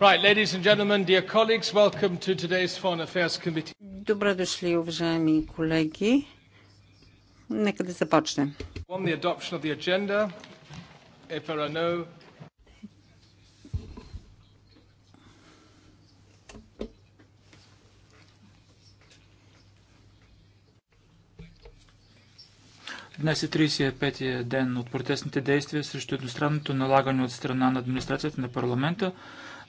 Right, ladies and gentlemen, dear colleagues, welcome to today's Foreign Affairs Committee. Добре дошли, уважаеми колеги. Нека да започнем. On the adoption of the agenda, if there are no Днес е 35-я ден от протестните действия срещу едностранното налагане от страна на администрацията на парламента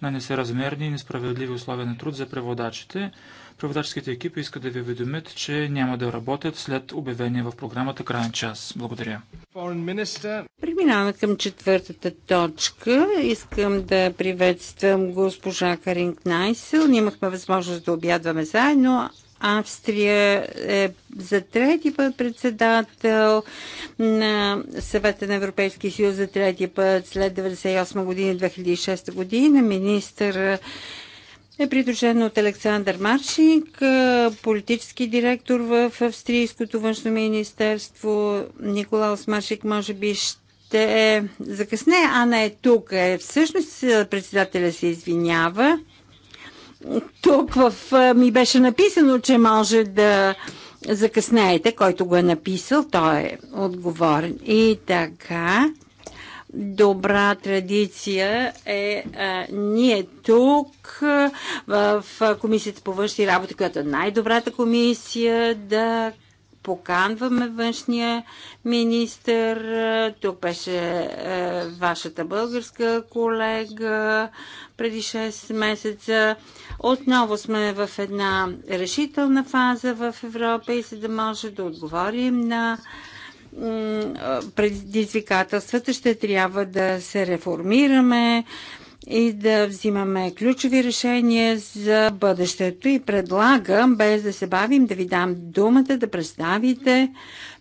на несъразмерни и несправедливи условия на труд за преводачите. Преводаческите екипи искат да ви уведомят, че няма да работят след обявение в програмата Крайен час. Благодаря. Преминаваме към четвъртата точка. Искам да приветствам госпожа Карин Кнайсел. Нимахме възможност да обядваме заедно, Австрия е за трети път председател на съвета на Европейския съюз за трети път след 1998 година и 2006 година. Министър е придружен от Александър Маршик, политически директор в Австрийското външно министерство. Николаус Маршик може би ще е закъсне. Ана е тук. Всъщност председателя се извинява тук в, ми беше написано, че може да закъснеете, който го е написал, той е отговорен. И така, добра традиция е а, ние тук а, в Комисията по външни работи, която е най-добрата комисия, да поканваме външния министр. Тук беше е, вашата българска колега преди 6 месеца. Отново сме в една решителна фаза в Европа и за да може да отговорим на предизвикателствата ще трябва да се реформираме, и да взимаме ключови решения за бъдещето. И предлагам, без да се бавим, да ви дам думата да представите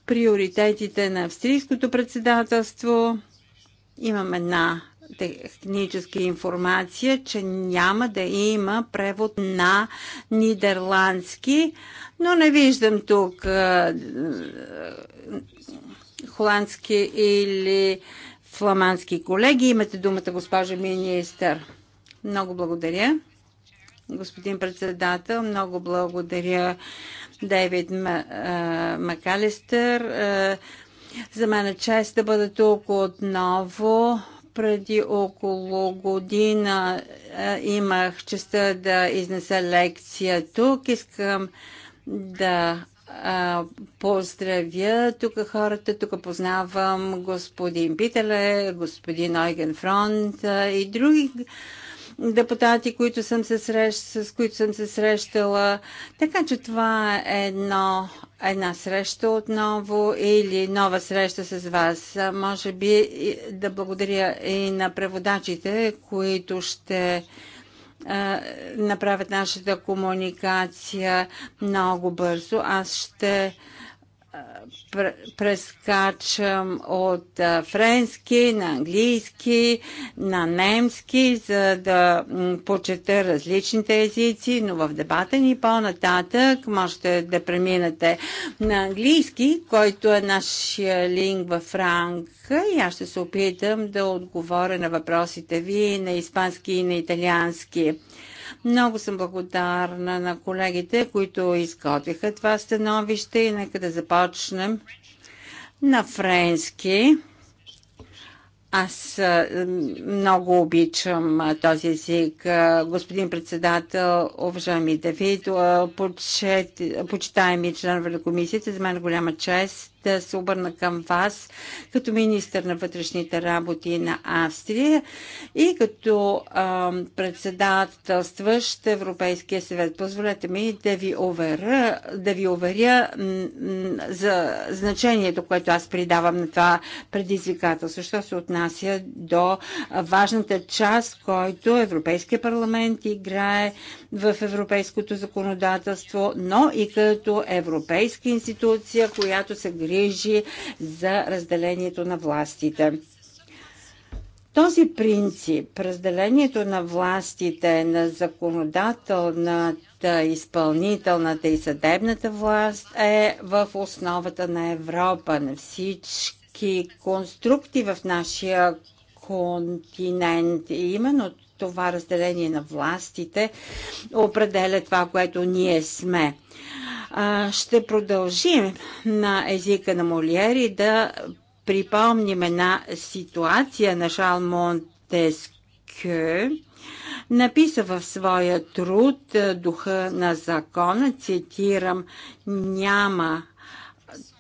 приоритетите на австрийското председателство. Имам една техническа информация, че няма да има превод на нидерландски, но не виждам тук холандски или фламандски колеги. Имате думата, госпожа министър. Много благодаря. Господин председател, много благодаря Дейвид Макалистър. За мен е чест да бъда тук отново преди около година имах честа да изнеса лекция тук. Искам да а, поздравя тук хората. Тук познавам господин Пителе, господин Ойген Фронт а, и други депутати, които съм се срещ, с които съм се срещала. Така че това е едно, една среща отново или нова среща с вас. Може би да благодаря и на преводачите, които ще направят нашата комуникация много бързо. Аз ще прескачам от френски на английски на немски, за да почета различните езици, но в дебата ни по-нататък можете да преминете на английски, който е нашия лингва франка и аз ще се опитам да отговоря на въпросите ви на испански и на италиански. Много съм благодарна на колегите, които изготвиха това становище и нека да започнем на френски. Аз много обичам този език. Господин председател, уважаеми Давид, почитаеми членове на комисията, за мен е голяма чест да се обърна към вас като министър на вътрешните работи на Австрия и като а, председателстващ Европейския съвет. Позволете ми да ви уверя, да ви уверя за значението, което аз придавам на това предизвикателство, що се отнася до важната част, който Европейския парламент играе в европейското законодателство, но и като европейска институция, която се грижи грижи за разделението на властите. Този принцип, разделението на властите на законодателната, изпълнителната и съдебната власт е в основата на Европа, на всички конструкти в нашия континент. И именно това разделение на властите определя това, което ние сме. Ще продължим на езика на Молиери да припомним една ситуация на Шал Монтескю, написа в своя труд духа на закона, цитирам, няма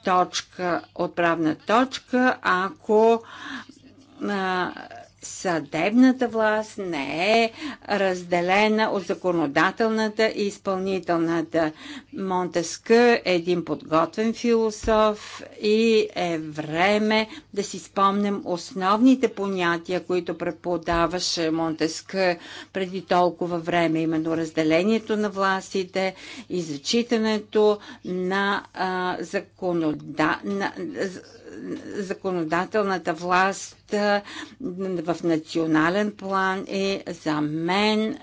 точка, отправна точка, ако а, съдебната власт не е разделена от законодателната и изпълнителната. Монтескъ е един подготвен философ и е време да си спомнем основните понятия, които преподаваше Монтескъ преди толкова време, именно разделението на властите и зачитането на, а, законода... на законодателната власт в национален план и за мен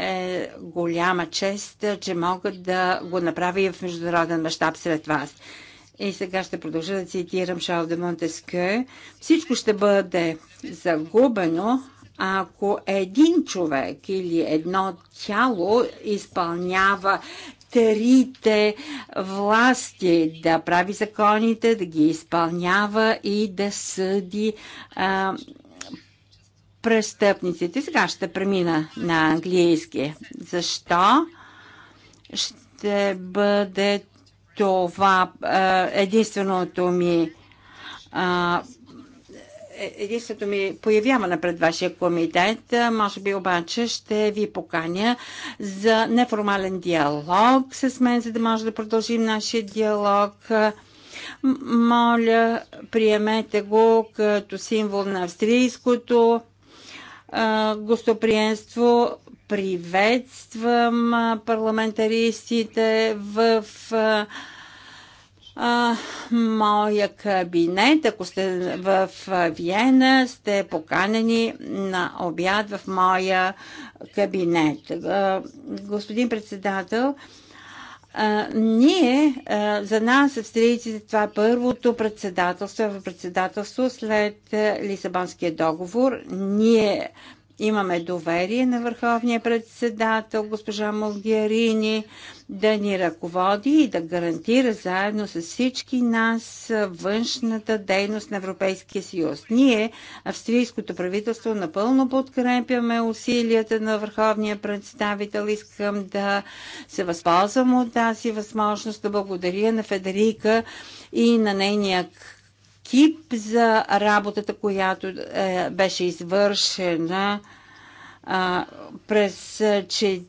е голяма чест, че мога да го направя и в международен мащаб сред вас. И сега ще продължа да цитирам Шал де Монтеске. Всичко ще бъде загубено, ако един човек или едно тяло изпълнява трите власти да прави законите, да ги изпълнява и да съди а, престъпниците. Сега ще премина на английски. Защо ще бъде това а, единственото ми а, е, единственото ми появяване пред вашия комитет. Може би обаче ще ви поканя за неформален диалог с мен, за да може да продължим нашия диалог. Моля, приемете го като символ на австрийското гостоприемство. Приветствам парламентаристите в а, моя кабинет. Ако сте в Виена, сте поканени на обяд в моя кабинет. А, господин председател, а, ние, а, за нас, австрийците, е това е първото председателство, в председателство след Лисабонския договор. Ние Имаме доверие на върховния председател, госпожа Могерини, да ни ръководи и да гарантира заедно с всички нас външната дейност на Европейския съюз. Ние, австрийското правителство, напълно подкрепяме усилията на върховния представител. Искам да се възползвам от тази възможност да благодаря на Федерика и на нейния екип за работата, която е, беше извършена а, през 14,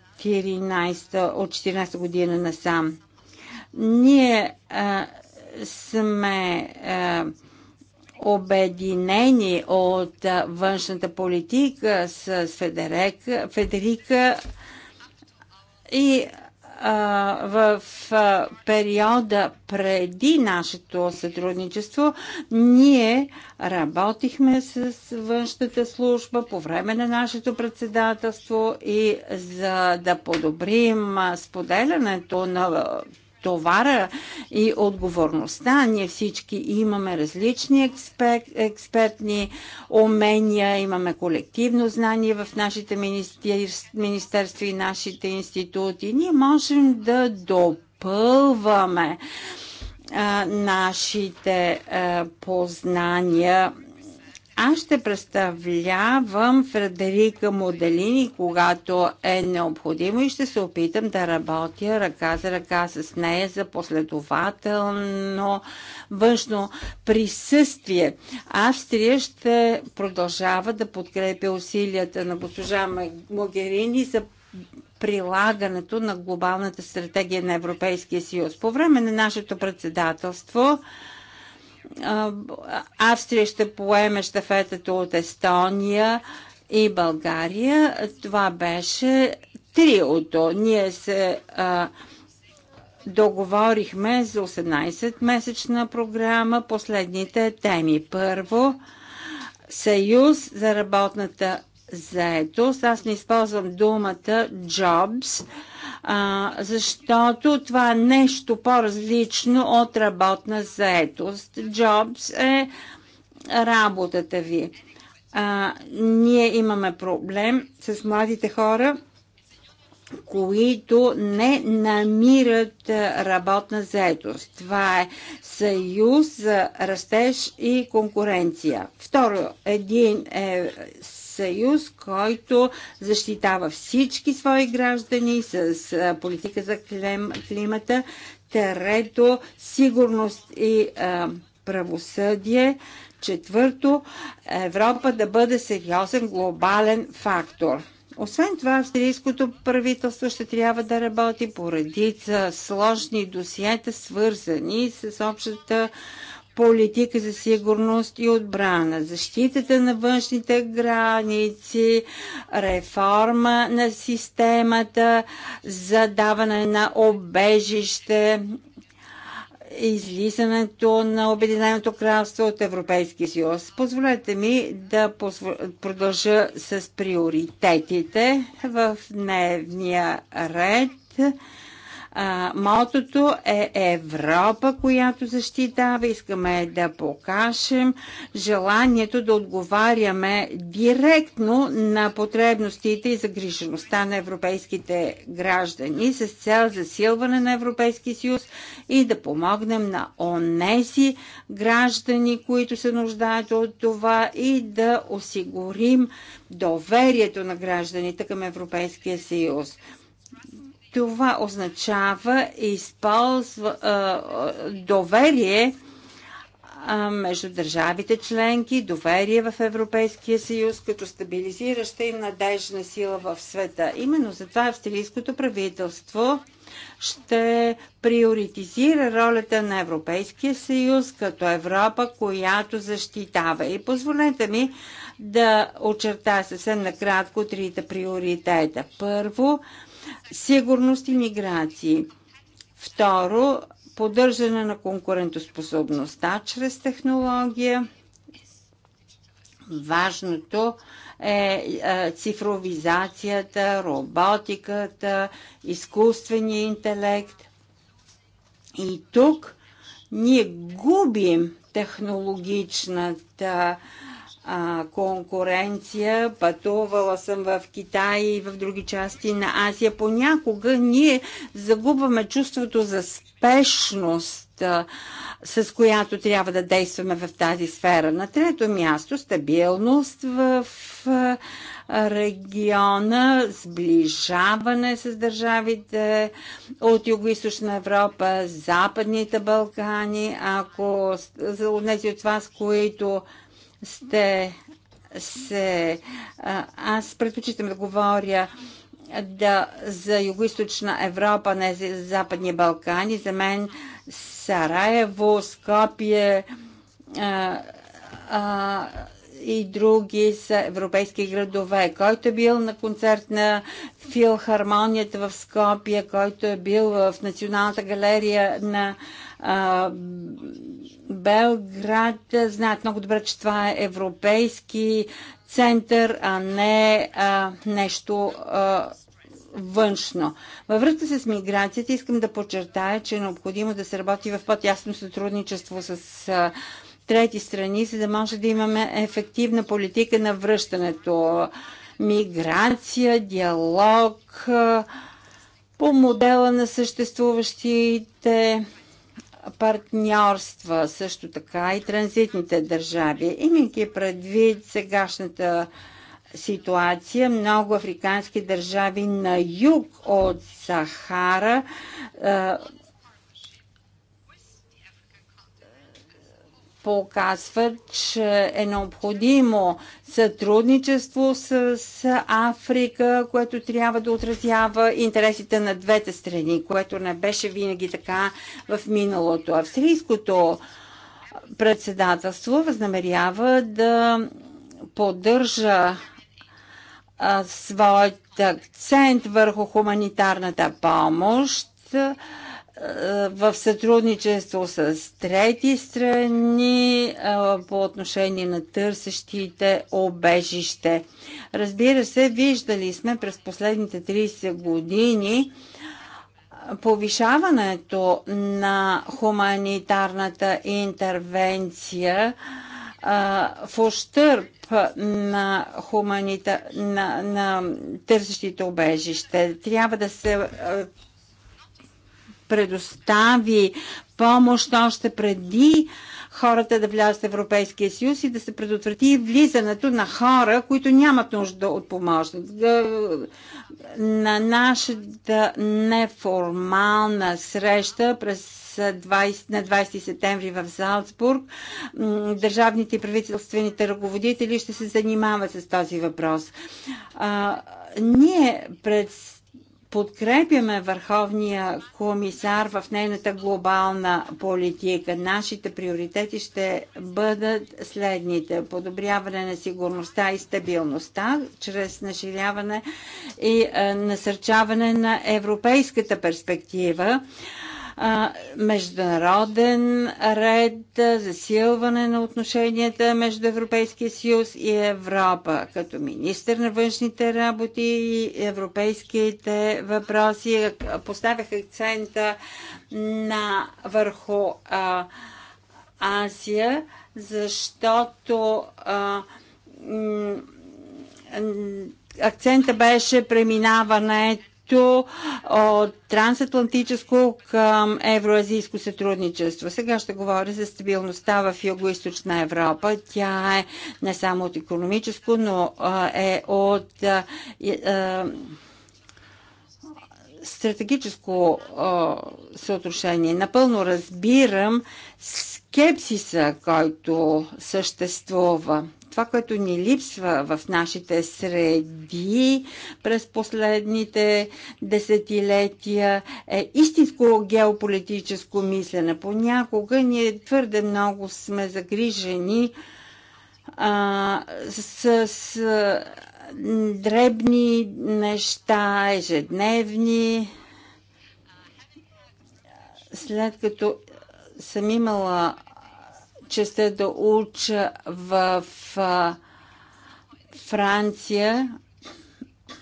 от 14 година насам. Ние а, сме а, обединени от външната политика с Федерека, Федерика и в периода преди нашето сътрудничество ние работихме с външната служба по време на нашето председателство и за да подобрим споделянето на товара и отговорността. Ние всички имаме различни експер, експертни умения, имаме колективно знание в нашите министерства и нашите институти. Ние можем да допълваме а, нашите а, познания аз ще представлявам Фредерика Моделини, когато е необходимо и ще се опитам да работя ръка за ръка с нея за последователно външно присъствие. Австрия ще продължава да подкрепя усилията на госпожа Могерини за прилагането на глобалната стратегия на Европейския съюз. По време на нашето председателство Австрия ще поеме щафетата от Естония и България. Това беше триото. Ние се а, договорихме за 18-месечна програма последните теми. Първо, Съюз за работната заетост. Аз не използвам думата jobs, а, защото това е нещо по-различно от работна заетост. Jobs е работата ви. А, ние имаме проблем с младите хора, които не намират работна заетост. Това е съюз за растеж и конкуренция. Второ, един е съюз, който защитава всички свои граждани с политика за климата, трето сигурност и правосъдие, четвърто Европа да бъде сериозен глобален фактор. Освен това, австрийското правителство ще трябва да работи по редица сложни досиета, свързани с общата политика за сигурност и отбрана, защитата на външните граници, реформа на системата за даване на обежище, излизането на Обединеното кралство от Европейския съюз. Позволете ми да продължа с приоритетите в дневния ред. А, мотото е Европа, която защитава. Искаме да покажем желанието да отговаряме директно на потребностите и загрижеността на европейските граждани с цел засилване на Европейски съюз и да помогнем на онези граждани, които се нуждаят от това и да осигурим доверието на гражданите към Европейския съюз. Това означава използва, а, доверие между държавите членки, доверие в Европейския съюз като стабилизираща и надежна сила в света. Именно затова австрийското правителство ще приоритизира ролята на Европейския съюз като Европа, която защитава. И позволете ми да очерта съвсем накратко трите приоритета. Първо, сигурност и миграции. Второ, поддържане на конкурентоспособността чрез технология. Важното е, е цифровизацията, роботиката, изкуствения интелект. И тук ние губим технологичната а, конкуренция. Пътувала съм в Китай и в други части на Азия. Понякога ние загубваме чувството за спешност, а, с която трябва да действаме в тази сфера. На трето място стабилност в. а, региона, сближаване с държавите от Юго-Источна Европа, Западните Балкани, ако за тези от вас, които сте се... Аз предпочитам да говоря да, за Юго-Источна Европа, не за Западния Балкан. И За мен Сараево, Скопие, а, а, и други с европейски градове. Който е бил на концерт на филхармонията в Скопия, който е бил в Националната галерия на а, Белград, знаят много добре, че това е европейски център, а не а, нещо а, външно. Във връзка с миграцията искам да подчертая, че е необходимо да се работи в по-тясно сътрудничество с трети страни, за да може да имаме ефективна политика на връщането. Миграция, диалог по модела на съществуващите партньорства, също така и транзитните държави. Имайки предвид сегашната ситуация, много африкански държави на юг от Сахара показват, че е необходимо сътрудничество с Африка, което трябва да отразява интересите на двете страни, което не беше винаги така в миналото. Австрийското председателство възнамерява да поддържа своят акцент върху хуманитарната помощ в сътрудничество с трети страни по отношение на търсещите обежище. Разбира се, виждали сме през последните 30 години повишаването на хуманитарната интервенция в ощърп на, хуманита... на, на търсещите обежище. Трябва да се предостави помощ още преди хората да влязат в Европейския съюз и да се предотврати влизането на хора, които нямат нужда от помощ. На нашата неформална среща през 20, на 20 септември в Залцбург. Държавните и правителствените ръководители ще се занимават с този въпрос. А, ние през подкрепяме Върховния комисар в нейната глобална политика. Нашите приоритети ще бъдат следните. Подобряване на сигурността и стабилността чрез наширяване и насърчаване на европейската перспектива международен ред, засилване на отношенията между Европейския съюз и Европа. Като министр на външните работи и европейските въпроси поставях акцента на върху а, Азия, защото а, акцента беше преминаването както от трансатлантическо към евроазийско сътрудничество. Сега ще говоря за стабилността в Юго-Источна Европа. Тя е не само от економическо, но е от стратегическо съотношение. Напълно разбирам скепсиса, който съществува това, което ни липсва в нашите среди през последните десетилетия е истинско геополитическо мислене. Понякога ние твърде много сме загрижени а, с, с дребни неща, ежедневни. След като съм имала че се да уча в Франция.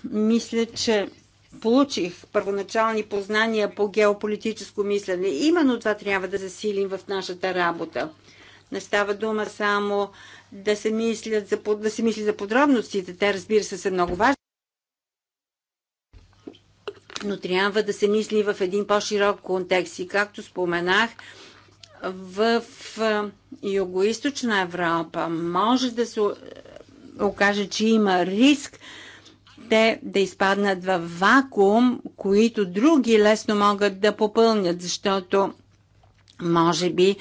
Мисля, че получих първоначални познания по геополитическо мислене. Именно това трябва да засилим в нашата работа. Не става дума само да се, мислят за, да се мисли за подробностите. Те, разбира се, са много важни. Но трябва да се мисли в един по-широк контекст. И както споменах, в Юго-Источна Европа може да се окаже, че има риск те да изпаднат в вакуум, които други лесно могат да попълнят, защото може би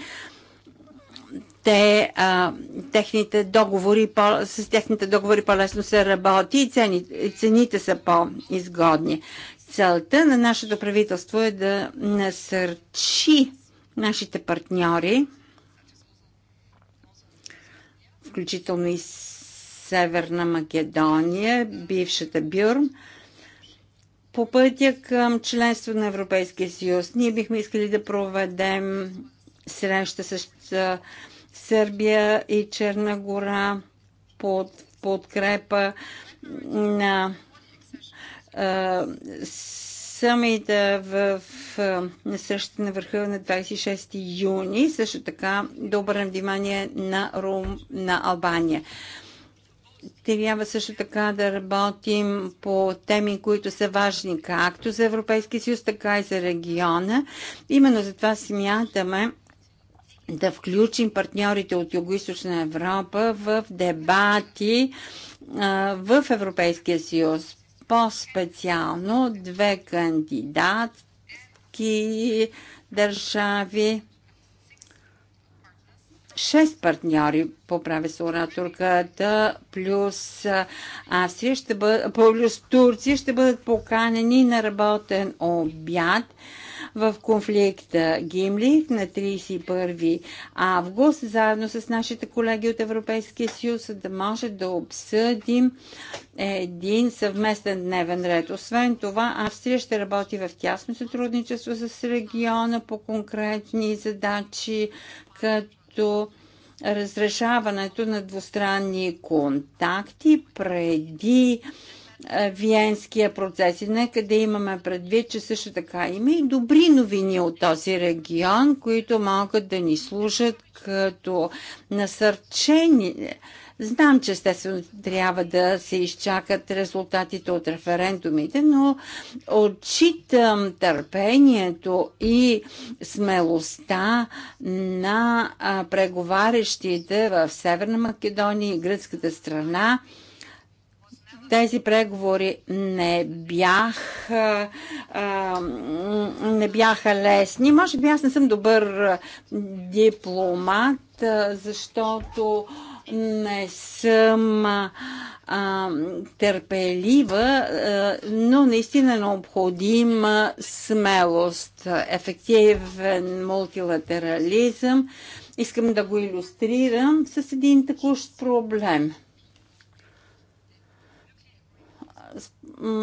те, а, техните договори, по, с техните договори по-лесно се работи и цени, цените са по-изгодни. Целта на нашето правителство е да насърчи нашите партньори, включително и Северна Македония, бившата Бюрм, по пътя към членство на Европейския съюз. Ние бихме искали да проведем среща с Сърбия и Черна гора под подкрепа на Самита в, на срещата на върха на 26 юни, също така да обърнем внимание на, Рум, на Албания. Трябва също така да работим по теми, които са важни както за Европейския съюз, така и за региона. Именно затова смятаме, да включим партньорите от Юго-Источна Европа в дебати в Европейския съюз по-специално две кандидатки държави. Шест партньори, поправя се ораторката, плюс Австрия ще бъд, плюс Турция ще бъдат поканени на работен обяд в конфликта Гимлих на 31 август, заедно с нашите колеги от Европейския съюз, да може да обсъдим един съвместен дневен ред. Освен това, Австрия ще работи в тясно сътрудничество с региона по конкретни задачи, като разрешаването на двустранни контакти преди Виенския процес. И нека да имаме предвид, че също така има и добри новини от този регион, които могат да ни служат като насърчение. Знам, че естествено трябва да се изчакат резултатите от референдумите, но отчитам търпението и смелостта на преговарящите в Северна Македония и гръцката страна тези преговори не бяха, а, не бяха лесни. Може би аз не съм добър дипломат, защото не съм а, търпелива, а, но наистина е необходима смелост, ефективен мултилатерализъм. Искам да го иллюстрирам с един такъв проблем –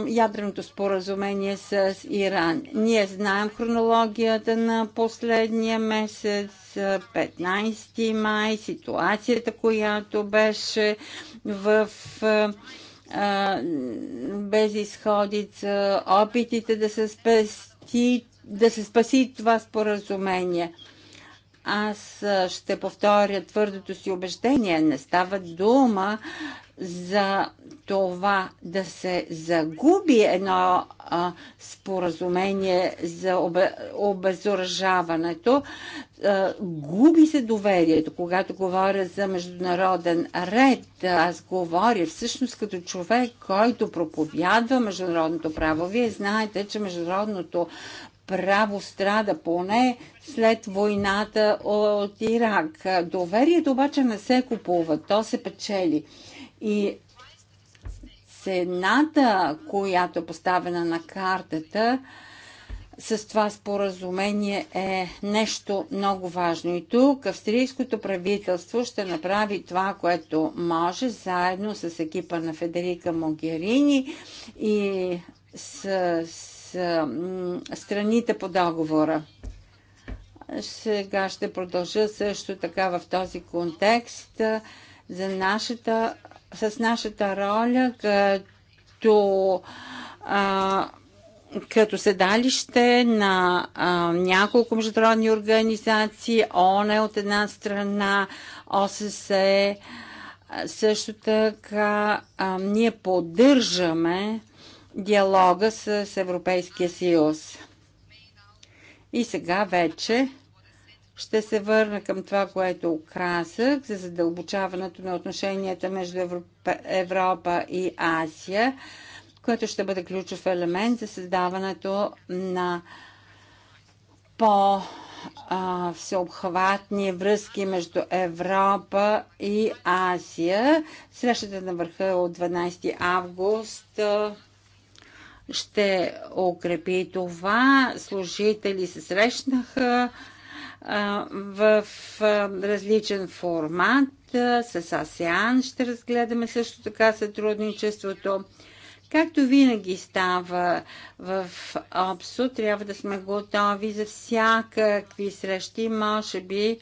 ядреното споразумение с Иран. Ние знаем хронологията на последния месец, 15 май, ситуацията, която беше в безисходица, опитите да се спести, да се спаси това споразумение. Аз ще повторя твърдото си убеждение. Не става дума за това да се загуби едно а, споразумение за обе, обезоръжаването, а, губи се доверието. Когато говоря за международен ред, аз говоря всъщност като човек, който проповядва международното право. Вие знаете, че международното право страда поне след войната от Ирак. Доверието обаче не се купува, то се печели. И цената, която е поставена на картата, с това споразумение е нещо много важно. И тук австрийското правителство ще направи това, което може, заедно с екипа на Федерика Могерини и с, с страните по договора. Сега ще продължа също така в този контекст за нашата с нашата роля като а, като седалище на а, няколко международни организации, е от една страна, ОССЕ, също така а, ние поддържаме диалога с Европейския съюз. И сега вече ще се върна към това, което украсах за задълбочаването на отношенията между Европа и Азия, което ще бъде ключов елемент за създаването на по- всеобхватни връзки между Европа и Азия. Срещата на върха от 12 август ще укрепи това. Служители се срещнаха в различен формат. С АСЕАН ще разгледаме също така сътрудничеството. Както винаги става в ОПСО, трябва да сме готови за всякакви срещи. Може би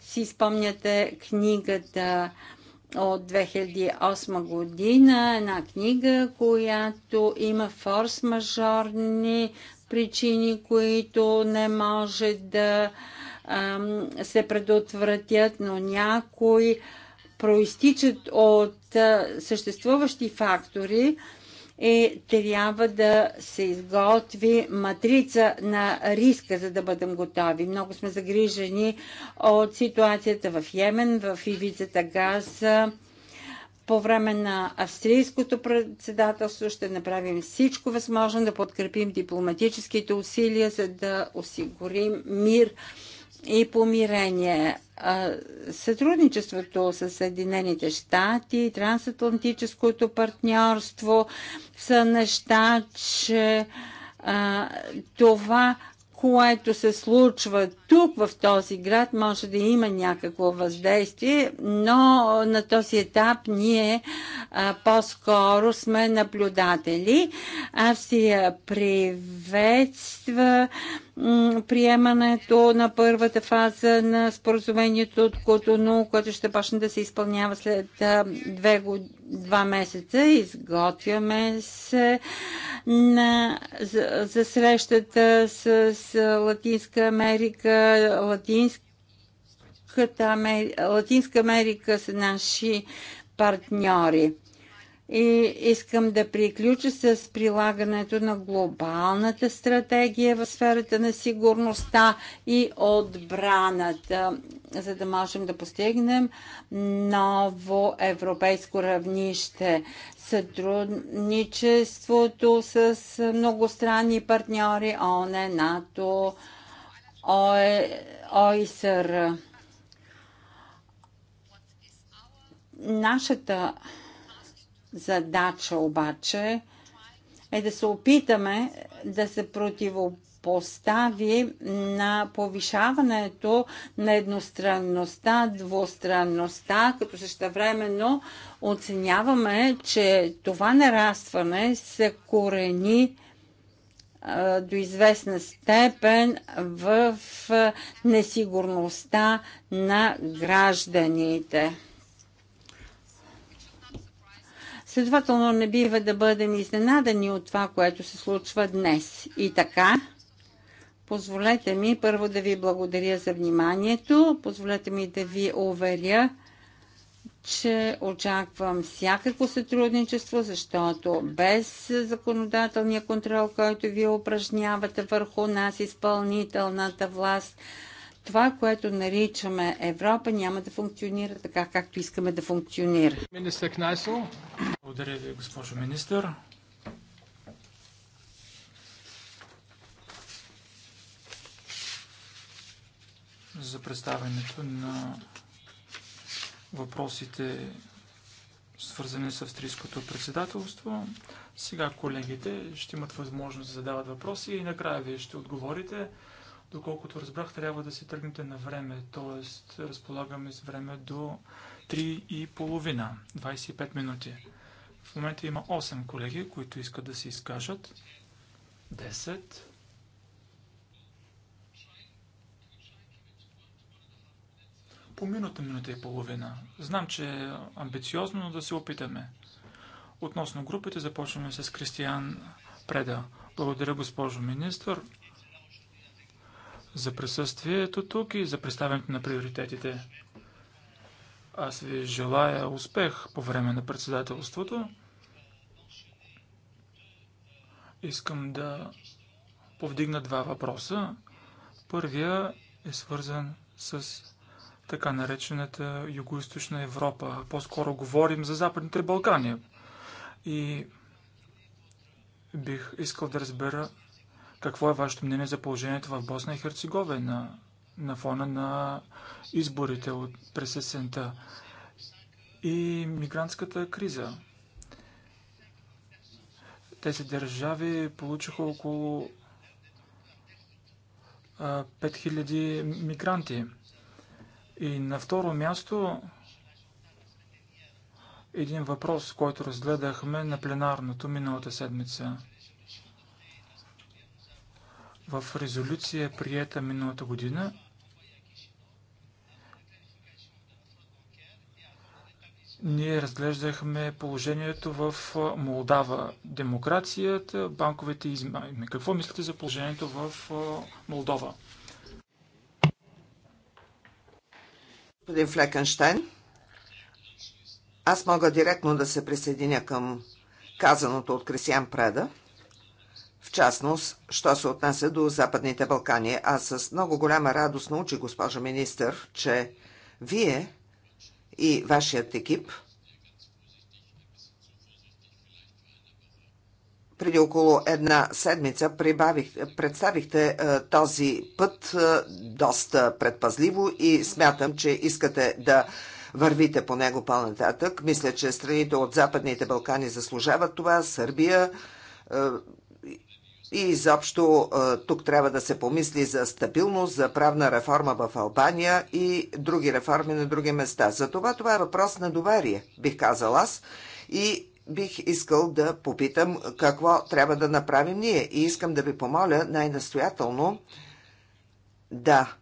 си спомняте книгата от 2008 година, една книга, която има форс-мажорни причини, които не може да се предотвратят, но някои проистичат от съществуващи фактори и е, трябва да се изготви матрица на риска, за да бъдем готови. Много сме загрижени от ситуацията в Йемен, в ивицата Газа. По време на австрийското председателство ще направим всичко възможно да подкрепим дипломатическите усилия, за да осигурим мир и помирение. Сътрудничеството с Съединените щати, трансатлантическото партньорство са неща, че а, това, което се случва тук в този град, може да има някакво въздействие, но на този етап ние по-скоро сме наблюдатели. Австрия приветства а, приемането на първата фаза на споразумението от Котону, което ще почне да се изпълнява след две, два месеца. Изготвяме се на, за, за срещата с, с Латинска Америка, Латинската, Латинска Америка са наши партньори. И искам да приключа с прилагането на глобалната стратегия в сферата на сигурността и отбраната, за да можем да постигнем ново европейско равнище. Сътрудничеството с многостранни партньори ОНЕ, НАТО, ОИСР. Е, Нашата задача обаче е да се опитаме да се противопостави на повишаването на едностранността, двустранността, като същевременно оценяваме, че това нарастване се корени до известна степен в несигурността на гражданите. Следователно не бива да бъдем изненадани от това, което се случва днес. И така, позволете ми първо да ви благодаря за вниманието, позволете ми да ви уверя, че очаквам всякакво сътрудничество, защото без законодателния контрол, който вие упражнявате върху нас, изпълнителната власт, това, което наричаме Европа, няма да функционира така, както искаме да функционира. Министър Кнайсо, благодаря ви, госпожо министър. за представянето на въпросите, свързани с австрийското председателство. Сега колегите ще имат възможност да задават въпроси и накрая вие ще отговорите. Доколкото разбрах, трябва да си тръгнете на време, т.е. разполагаме с време до 3 и половина, 25 минути. В момента има 8 колеги, които искат да се изкажат. 10. По минута, минута и половина. Знам, че е амбициозно, но да се опитаме. Относно групите започваме с Кристиян Преда. Благодаря, госпожо министър за присъствието тук и за представянето на приоритетите. Аз ви желая успех по време на председателството. Искам да повдигна два въпроса. Първия е свързан с така наречената Юго-Источна Европа. По-скоро говорим за Западните Балкани. И бих искал да разбера какво е вашето мнение за положението в Босна и Херцеговина на фона на изборите от през есента и мигрантската криза? Тези държави получиха около 5000 мигранти. И на второ място един въпрос, който разгледахме на пленарното миналата седмица – в резолюция, приета миналата година, ние разглеждахме положението в Молдава. Демокрацията, банковите измами. Какво мислите за положението в Молдова? Господин Флекенштайн, аз мога директно да се присъединя към казаното от Кристиан Преда в частност, що се отнася до Западните Балкани. Аз с много голяма радост научих, госпожо министър, че вие и вашият екип преди около една седмица прибавих, представихте е, този път е, доста предпазливо и смятам, че искате да вървите по него по-нататък. Мисля, че страните от Западните Балкани заслужават това. Сърбия, е, и изобщо тук трябва да се помисли за стабилност, за правна реформа в Албания и други реформи на други места. За това това е въпрос на доверие, бих казал аз. И бих искал да попитам какво трябва да направим ние. И искам да ви помоля най-настоятелно да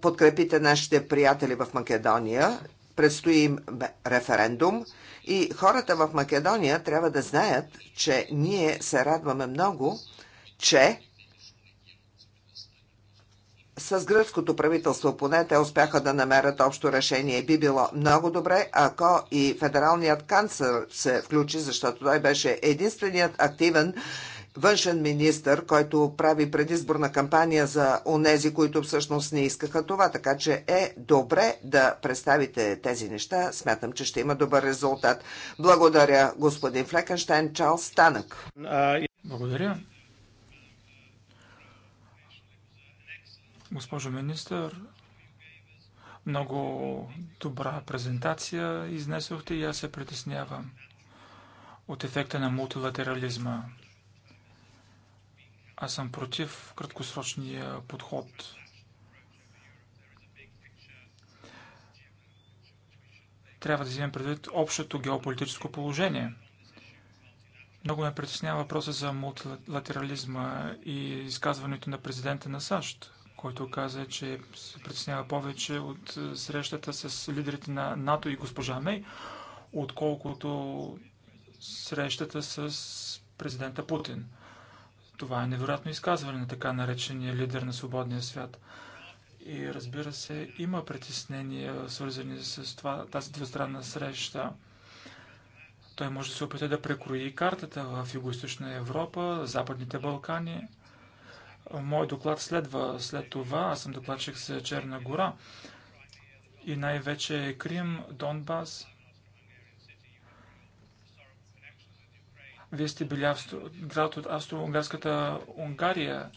подкрепите нашите приятели в Македония. Предстои им референдум. И хората в Македония трябва да знаят, че ние се радваме много, че с гръцкото правителство поне те успяха да намерят общо решение. Би било много добре, ако и федералният канцлер се включи, защото той беше единственият активен външен министр, който прави предизборна кампания за онези, които всъщност не искаха това. Така че е добре да представите тези неща. Смятам, че ще има добър резултат. Благодаря, господин Флекенштайн, Чарлз Станък. Благодаря. Госпожо министър, много добра презентация изнесохте и аз се притеснявам от ефекта на мултилатерализма. Аз съм против краткосрочния подход. Трябва да вземем предвид общото геополитическо положение. Много ме притеснява въпроса за мултилатерализма и изказването на президента на САЩ, който каза, че се притеснява повече от срещата с лидерите на НАТО и госпожа Мей, отколкото срещата с президента Путин. Това е невероятно изказване на така наречения лидер на свободния свят. И разбира се, има притеснения, свързани с това, тази двустранна среща. Той може да се опита да прекрои картата в юго Европа, Западните Балкани. Мой доклад следва след това. Аз съм докладчик за Черна гора и най-вече Крим, Донбас Вие сте били австро... град от австро-унгарската Унгария.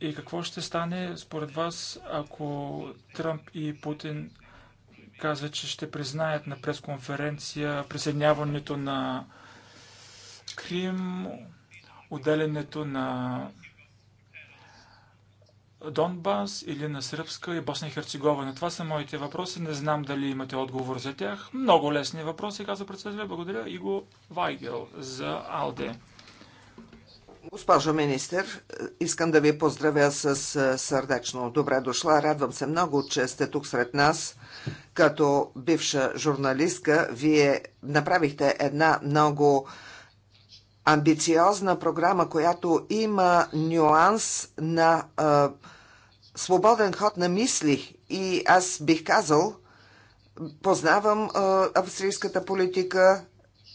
И какво ще стане според вас, ако Тръмп и Путин каза, че ще признаят на пресконференция присъединяването на Крим, отделянето на Донбас или на Сръбска и Босна и Херцеговина? Това са моите въпроси. Не знам дали имате отговор за тях. Много лесни въпроси, каза председателя. Благодаря и го Вайгел за Алде. Госпожо министър, искам да ви поздравя с е, сърдечно добре дошла. Радвам се много, че сте тук сред нас. Като бивша журналистка, вие направихте една много амбициозна програма, която има нюанс на а, е, свободен ход на мисли и аз бих казал, познавам австрийската политика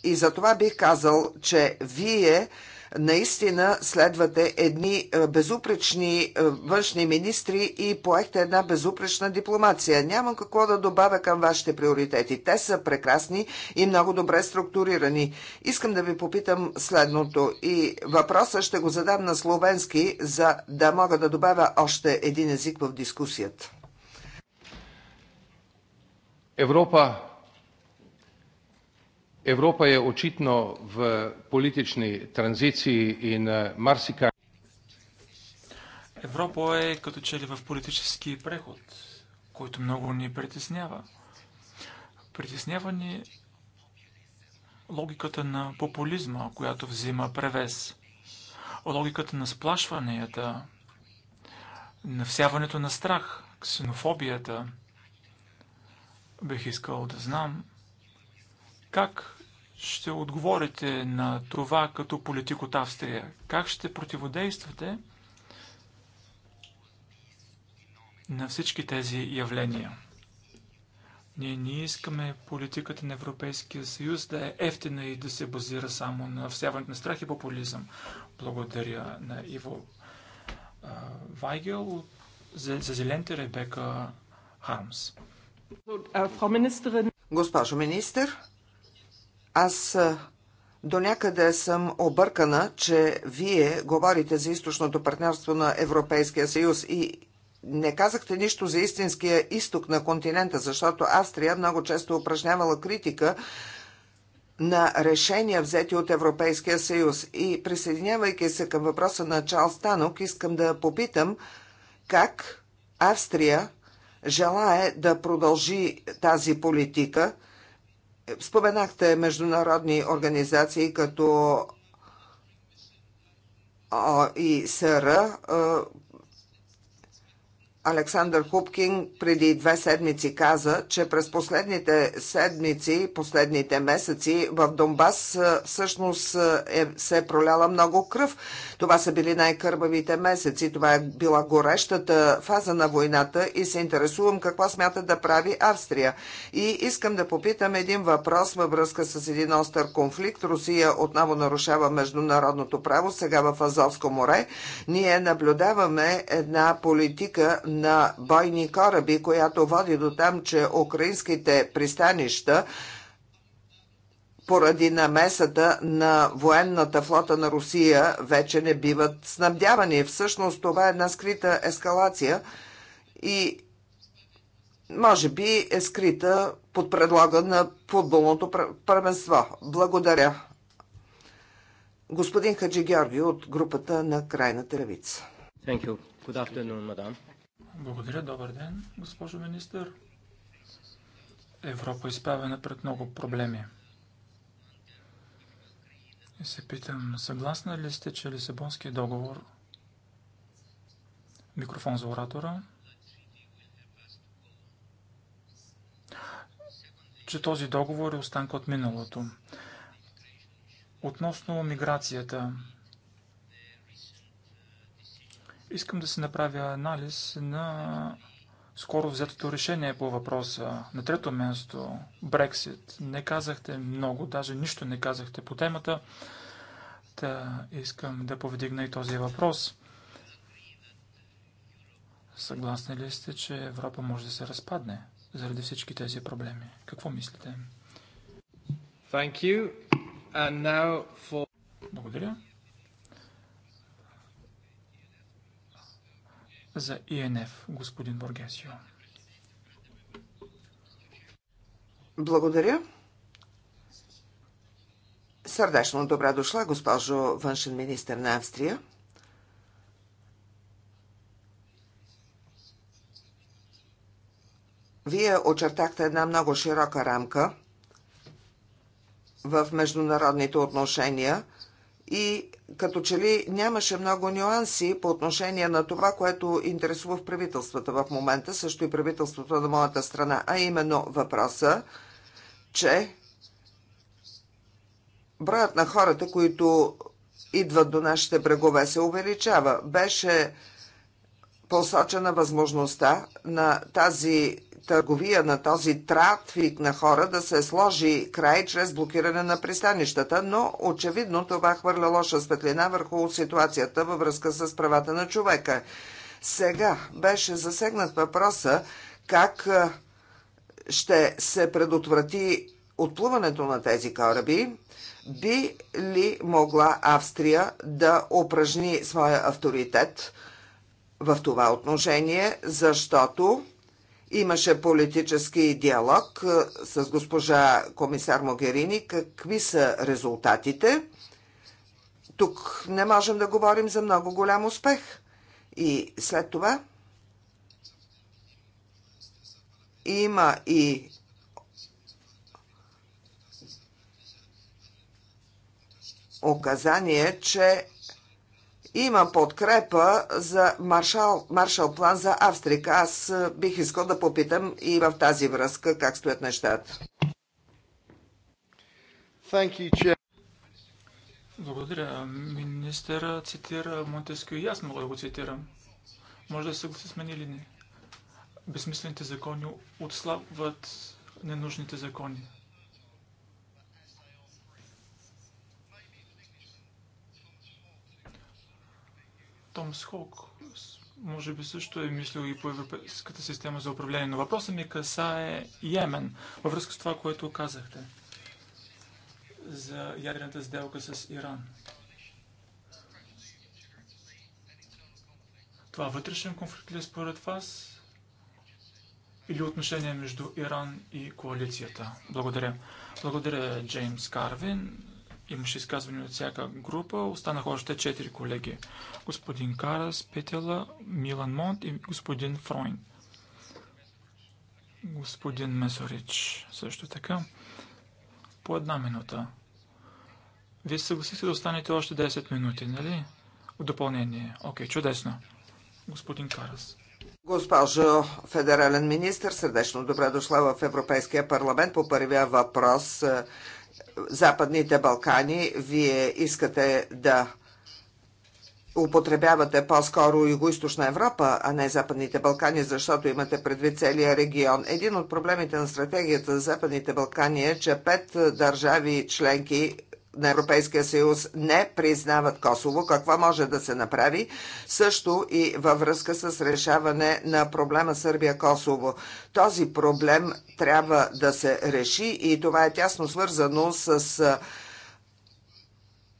и за това бих казал, че вие наистина следвате едни е, безупречни е, външни министри и поехте една безупречна дипломация. Нямам какво да добавя към вашите приоритети. Те са прекрасни и много добре структурирани. Искам да ви попитам следното и въпроса ще го задам на словенски, за да мога да добавя още един език в дискусията. Европа Evropa je očitno v politični транзиции и на марсика. Европа е като че ли в политически преход, който много ни притеснява. Притеснява ни логиката на популизма, която взима превес. Логиката на сплашванията, на всяването на страх, ксенофобията. Бих искал да знам как ще отговорите на това като политик от Австрия? Как ще противодействате на всички тези явления? Ние не искаме политиката на Европейския съюз да е ефтина и да се базира само на всяването на страх и популизъм. Благодаря на Иво Вайгел за, за зелените Ребека Хармс. Госпожо министър, аз до някъде съм объркана, че вие говорите за източното партньорство на Европейския съюз и не казахте нищо за истинския изток на континента, защото Австрия много често упражнявала критика на решения, взети от Европейския съюз. И присъединявайки се към въпроса на Чарлз Танок, искам да попитам как Австрия желае да продължи тази политика – Споменахте международни организации като ОИСР. Александър Хупкин преди две седмици каза, че през последните седмици, последните месеци в Донбас всъщност е, се е проляла много кръв. Това са били най кърбавите месеци, това е била горещата фаза на войната и се интересувам какво смята да прави Австрия. И искам да попитам един въпрос във връзка с един остър конфликт. Русия отново нарушава международното право, сега в Азовско море. Ние наблюдаваме една политика на бойни кораби, която води до там, че украинските пристанища поради намесата на военната флота на Русия вече не биват снабдявани. Всъщност това е една скрита ескалация и може би е скрита под предлога на футболното първенство. Благодаря. Господин Хаджи Георги от групата на Крайната левица. Благодаря, добър ден, госпожо министър. Европа е изправена пред много проблеми – и се питам, съгласна ли сте, че Лисабонския договор микрофон за оратора че този договор е останка от миналото. Относно миграцията, искам да се направя анализ на скоро взетото решение по въпроса. На трето място, Брексит. Не казахте много, даже нищо не казахте по темата. Та искам да повдигна и този въпрос. Съгласни ли сте, че Европа може да се разпадне заради всички тези проблеми? Какво мислите? Thank you. And now for... Благодаря. за ИНФ, господин Боргесио. Благодаря. Сърдечно добра дошла, госпожо външен министр на Австрия. Вие очертахте една много широка рамка в международните отношения – и като че ли нямаше много нюанси по отношение на това, което интересува в правителствата в момента, също и правителството на моята страна, а именно въпроса, че броят на хората, които идват до нашите брегове, се увеличава. Беше посочена възможността на тази търговия, на този трафик на хора да се сложи край чрез блокиране на пристанищата, но очевидно това хвърля лоша светлина върху ситуацията във връзка с правата на човека. Сега беше засегнат въпроса как ще се предотврати отплуването на тези кораби, би ли могла Австрия да упражни своя авторитет в това отношение, защото Имаше политически диалог с госпожа комисар Могерини. Какви са резултатите? Тук не можем да говорим за много голям успех. И след това има и указание, че има подкрепа за маршал, маршал план за Австрика. Аз е, бих искал да попитам и в тази връзка как стоят нещата. You, Благодаря. Министъра цитира Монтеско и аз мога да го цитирам. Може да се го се сменили не. Безсмислените закони отслабват ненужните закони. Том Схок може би също е мислил и по Европейската система за управление, но въпросът ми касае Йемен във връзка с това, което казахте за ядрената сделка с Иран. Това вътрешен конфликт ли е според вас? Или отношение между Иран и коалицията? Благодаря. Благодаря, Джеймс Карвин. Имаше изказване от всяка група. Останаха още 4 колеги. Господин Карас, Петела, Милан Монт и господин Фройн. Господин Месорич също така. По една минута. Вие съгласихте да останете още 10 минути, нали? В допълнение. Окей, чудесно. Господин Карас. Госпожо федерален министр, сърдечно добре дошла в Европейския парламент по първия въпрос Западните Балкани, вие искате да употребявате по-скоро Юго-Источна Европа, а не Западните Балкани, защото имате предвид целия регион. Един от проблемите на стратегията за Западните Балкани е, че пет държави членки на Европейския съюз не признават Косово, какво може да се направи, също и във връзка с решаване на проблема Сърбия-Косово. Този проблем трябва да се реши и това е тясно свързано с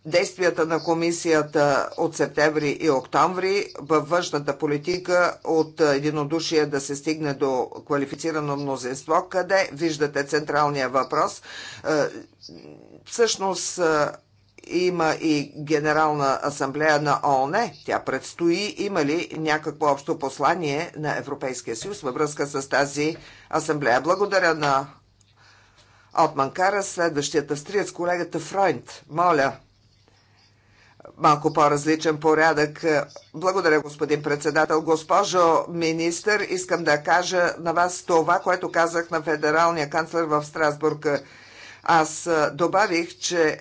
действията на комисията от септември и октомври във външната политика от единодушие да се стигне до квалифицирано мнозинство, къде виждате централния въпрос Всъщност има и Генерална асамблея на ООН. Тя предстои. Има ли някакво общо послание на Европейския съюз във връзка с тази асамблея? Благодаря на Отман Кара, следващият австриец, колегата Фройнт. Моля, малко по-различен порядък. Благодаря, господин председател. Госпожо министър, искам да кажа на вас това, което казах на федералния канцлер в Страсбург. Аз добавих, че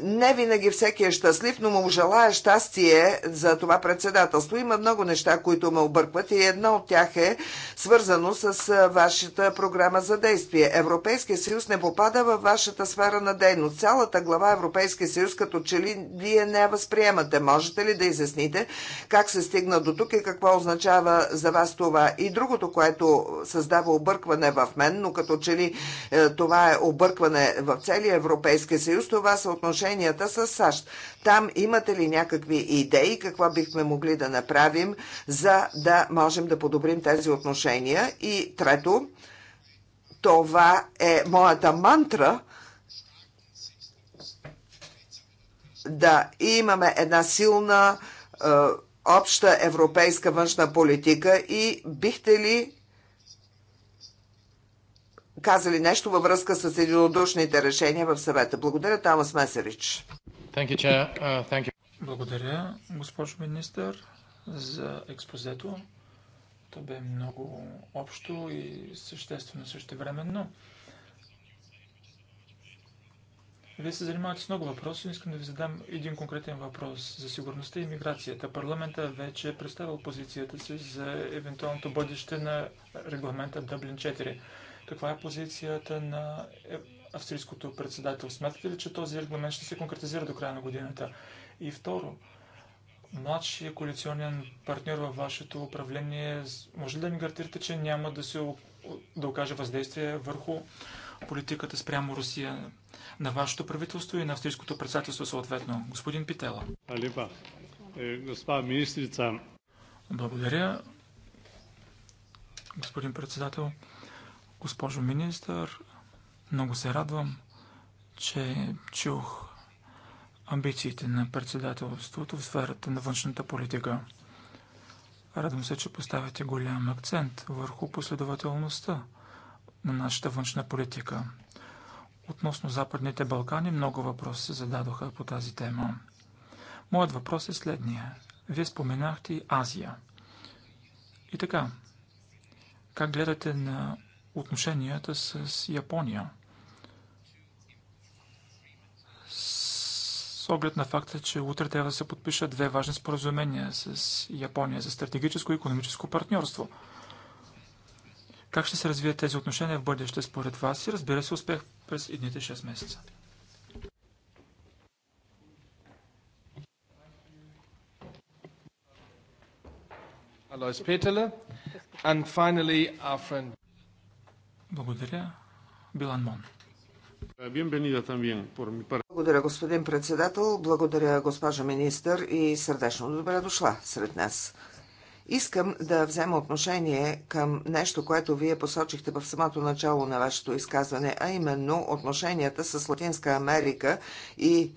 не винаги всеки е щастлив, но му желая щастие за това председателство. Има много неща, които ме объркват и едно от тях е свързано с вашата програма за действие. Европейския съюз не попада във вашата сфера на дейност. Цялата глава Европейския съюз като че ли вие не възприемате. Можете ли да изясните как се стигна до тук и какво означава за вас това? И другото, което създава объркване в мен, но като че ли е, това е объркване в целия Европейския съюз, това са отношения отношенията с САЩ. Там имате ли някакви идеи, какво бихме могли да направим, за да можем да подобрим тези отношения? И трето, това е моята мантра да имаме една силна е, обща европейска външна политика и бихте ли казали нещо във връзка с единодушните решения в съвета. Благодаря, Томас Месерич. Uh, Благодаря, госпожо министър, за експозето. То бе много общо и съществено същевременно. Вие се занимавате с много въпроси, искам да ви задам един конкретен въпрос за сигурността и миграцията. Парламента вече е представил позицията си за евентуалното бъдеще на регламента Дъблин 4. Каква е позицията на е, австрийското председател? Смятате ли, че този регламент ще се конкретизира до края на годината? И второ, младшия коалиционен партньор във вашето управление, може ли да ми гарантирате, че няма да се да окаже въздействие върху политиката спрямо Русия на вашето правителство и на австрийското председателство съответно? Господин Питела. Алипа. Е, Госпожа министрица. Благодаря, господин председател. Госпожо министър, много се радвам, че чух амбициите на председателството в сферата на външната политика. Радвам се, че поставяте голям акцент върху последователността на нашата външна политика. Относно Западните Балкани много въпроси се зададоха по тази тема. Моят въпрос е следния. Вие споменахте Азия. И така, как гледате на отношенията с Япония. С оглед на факта, че утре трябва да се подпишат две важни споразумения с Япония за стратегическо и економическо партньорство. Как ще се развият тези отношения в бъдеще според вас и разбира се успех през едните 6 месеца? Alois Petele, and finally our friend благодаря. Билан Мон. Благодаря, господин председател. Благодаря, госпожа министър и сърдечно добре дошла сред нас. Искам да взема отношение към нещо, което вие посочихте в самото начало на вашето изказване, а именно отношенията с Латинска Америка и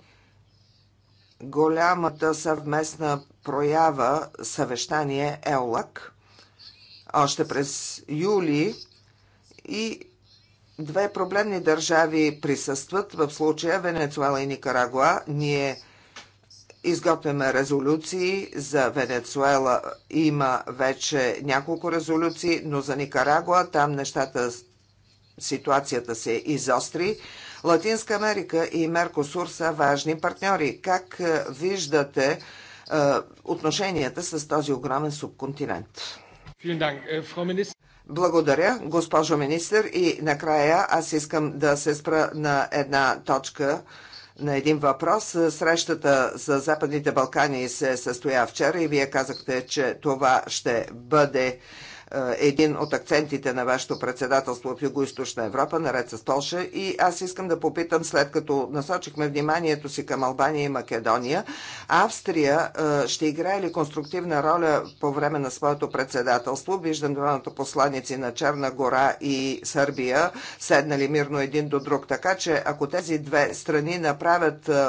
голямата съвместна проява съвещание ЕОЛАК. Още през юли и две проблемни държави присъстват, в случая Венецуела и Никарагуа. Ние изготвяме резолюции за Венецуела. Има вече няколко резолюции, но за Никарагуа там нещата, ситуацията се изостри. Латинска Америка и Меркосур са важни партньори. Как е, виждате е, отношенията с този огромен субконтинент? Благодаря, госпожо министр. И накрая аз искам да се спра на една точка, на един въпрос. Срещата с Западните Балкани се състоя вчера и вие казахте, че това ще бъде е, един от акцентите на вашето председателство в Юго-Источна Европа, наред с Польша. И аз искам да попитам, след като насочихме вниманието си към Албания и Македония, Австрия е, ще играе ли конструктивна роля по време на своето председателство? Виждам двамата посланици на Черна гора и Сърбия, седнали мирно един до друг. Така че, ако тези две страни направят е,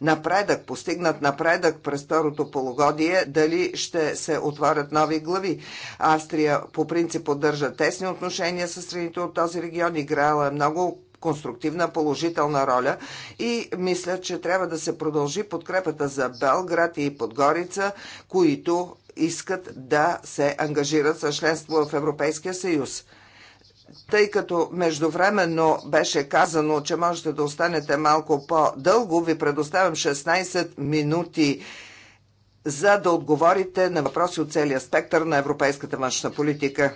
напредък, постигнат напредък през второто полугодие, дали ще се отворят нови глави. Австрия по принцип поддържа тесни отношения с страните от този регион, играла е много конструктивна, положителна роля и мисля, че трябва да се продължи подкрепата за Белград и Подгорица, които искат да се ангажират с членство в Европейския съюз тъй като междувременно беше казано, че можете да останете малко по-дълго, ви предоставям 16 минути за да отговорите на въпроси от целия спектър на европейската външна политика.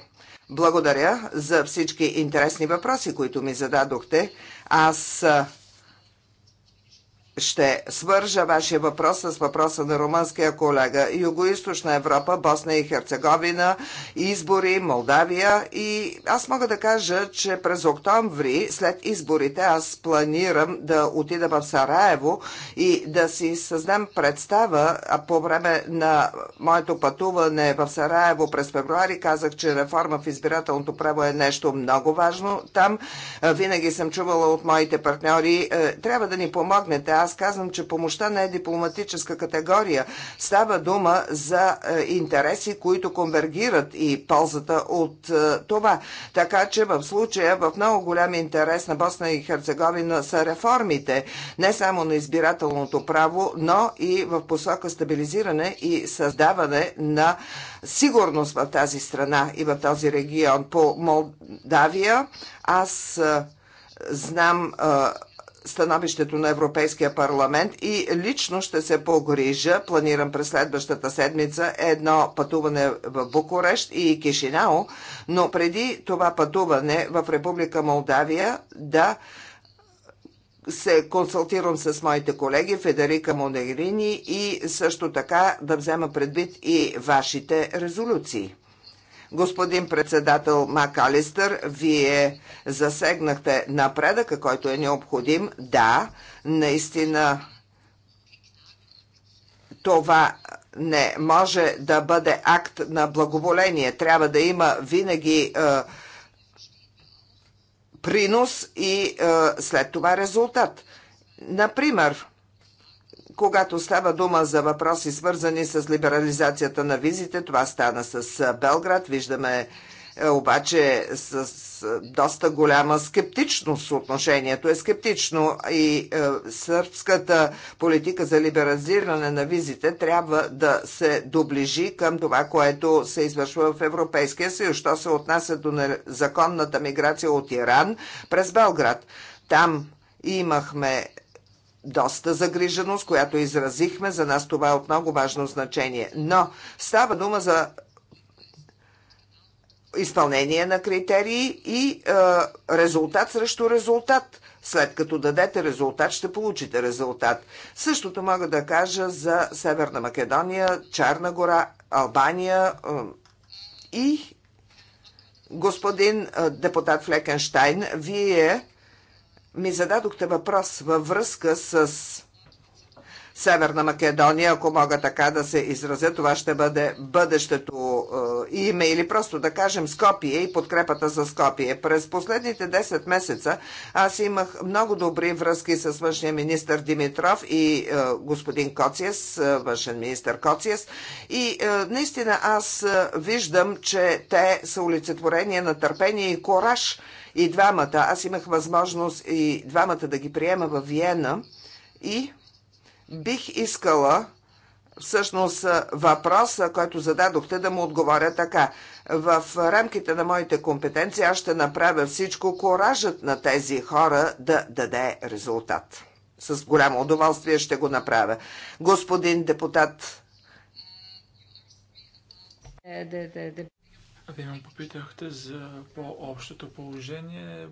Благодаря за всички интересни въпроси, които ми зададохте. Аз ще свържа вашия въпрос с въпроса на румънския колега. Югоизточна Европа, Босна и Херцеговина, избори, Молдавия и аз мога да кажа, че през октомври след изборите аз планирам да отида в Сараево и да си създам представа а по време на моето пътуване в Сараево през февруари казах, че реформа в избирателното право е нещо много важно там. Винаги съм чувала от моите партньори, е, трябва да ни помогнете аз казвам, че помощта не е дипломатическа категория. Става дума за е, интереси, които конвергират и ползата от е, това. Така че в случая в много голям интерес на Босна и Херцеговина са реформите, не само на избирателното право, но и в посока стабилизиране и създаване на сигурност в тази страна и в този регион. По Молдавия аз е, знам становището на Европейския парламент и лично ще се погрижа, планирам през следващата седмица, едно пътуване в Букурещ и Кишинао, но преди това пътуване в Република Молдавия да се консултирам с моите колеги Федерика Монерини и също така да взема предвид и вашите резолюции. Господин председател Макалистър, вие засегнахте напредъка, който е необходим. Да, наистина това не може да бъде акт на благоволение. Трябва да има винаги е, принос и е, след това резултат. Например, когато става дума за въпроси свързани с либерализацията на визите, това стана с Белград. Виждаме е, обаче с доста голяма скептичност. Отношението е скептично и е, сърбската политика за либерализиране на визите трябва да се доближи към това, което се извършва в Европейския съюз, що се отнася до незаконната миграция от Иран през Белград. Там имахме доста загриженост, която изразихме. За нас това е от много важно значение. Но става дума за изпълнение на критерии и е, резултат срещу резултат. След като дадете резултат, ще получите резултат. Същото мога да кажа за Северна Македония, Чарна гора, Албания е, и господин е, депутат Флекенштайн, вие ми зададохте въпрос във връзка с Северна Македония, ако мога така да се изразя, това ще бъде бъдещето е, име или просто да кажем Скопие и подкрепата за Скопие. През последните 10 месеца аз имах много добри връзки с външния министр Димитров и е, господин Коциес, е, външен министр Коциес. И е, наистина аз е, виждам, че те са олицетворение на търпение и кораж и двамата. Аз имах възможност и двамата да ги приема в Виена и бих искала всъщност въпроса, който зададохте, да му отговоря така. В рамките на моите компетенции аз ще направя всичко, коражът на тези хора да даде резултат. С голямо удоволствие ще го направя. Господин депутат. Е, вие ме попитахте за по-общото положение,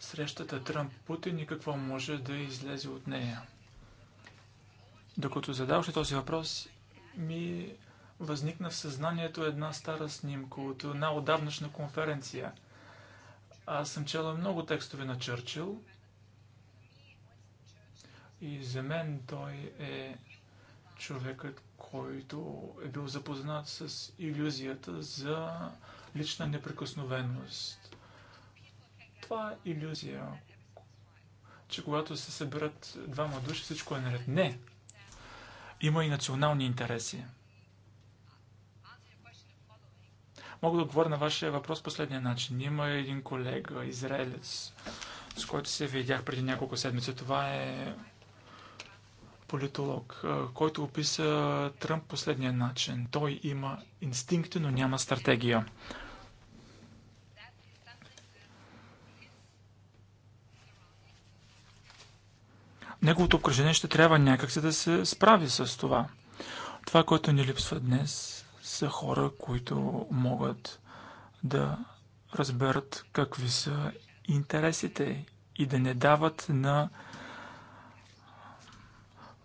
срещата Тръмп-Путин и какво може да излезе от нея. Докато задаваше този въпрос, ми възникна в съзнанието една стара снимка от една отдавнашна конференция. Аз съм чела много текстове на Чърчил и за мен той е човекът, който е бил запознат с иллюзията за лична неприкосновеност. Това е иллюзия, че когато се съберат двама души, всичко е наред. Не! Има и национални интереси. Мога да отговоря на вашия въпрос последния начин. Има един колега, израелец, с който се видях преди няколко седмици. Това е политолог, който описа Тръмп последния начин. Той има инстинкти, но няма стратегия. Неговото обкръжение ще трябва някакси да се справи с това. Това, което ни липсва днес, са хора, които могат да разберат какви са интересите и да не дават на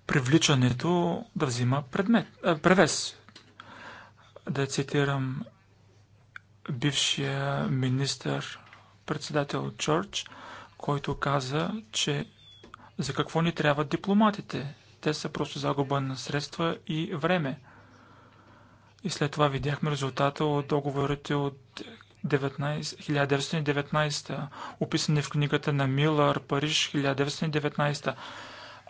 привличането да взима предмет, а, превес. Да цитирам бившия министър председател Чорч, който каза, че за какво ни трябват дипломатите? Те са просто загуба на средства и време. И след това видяхме резултата от договорите от 19, 1919, описани в книгата на Милър, Париж 1919.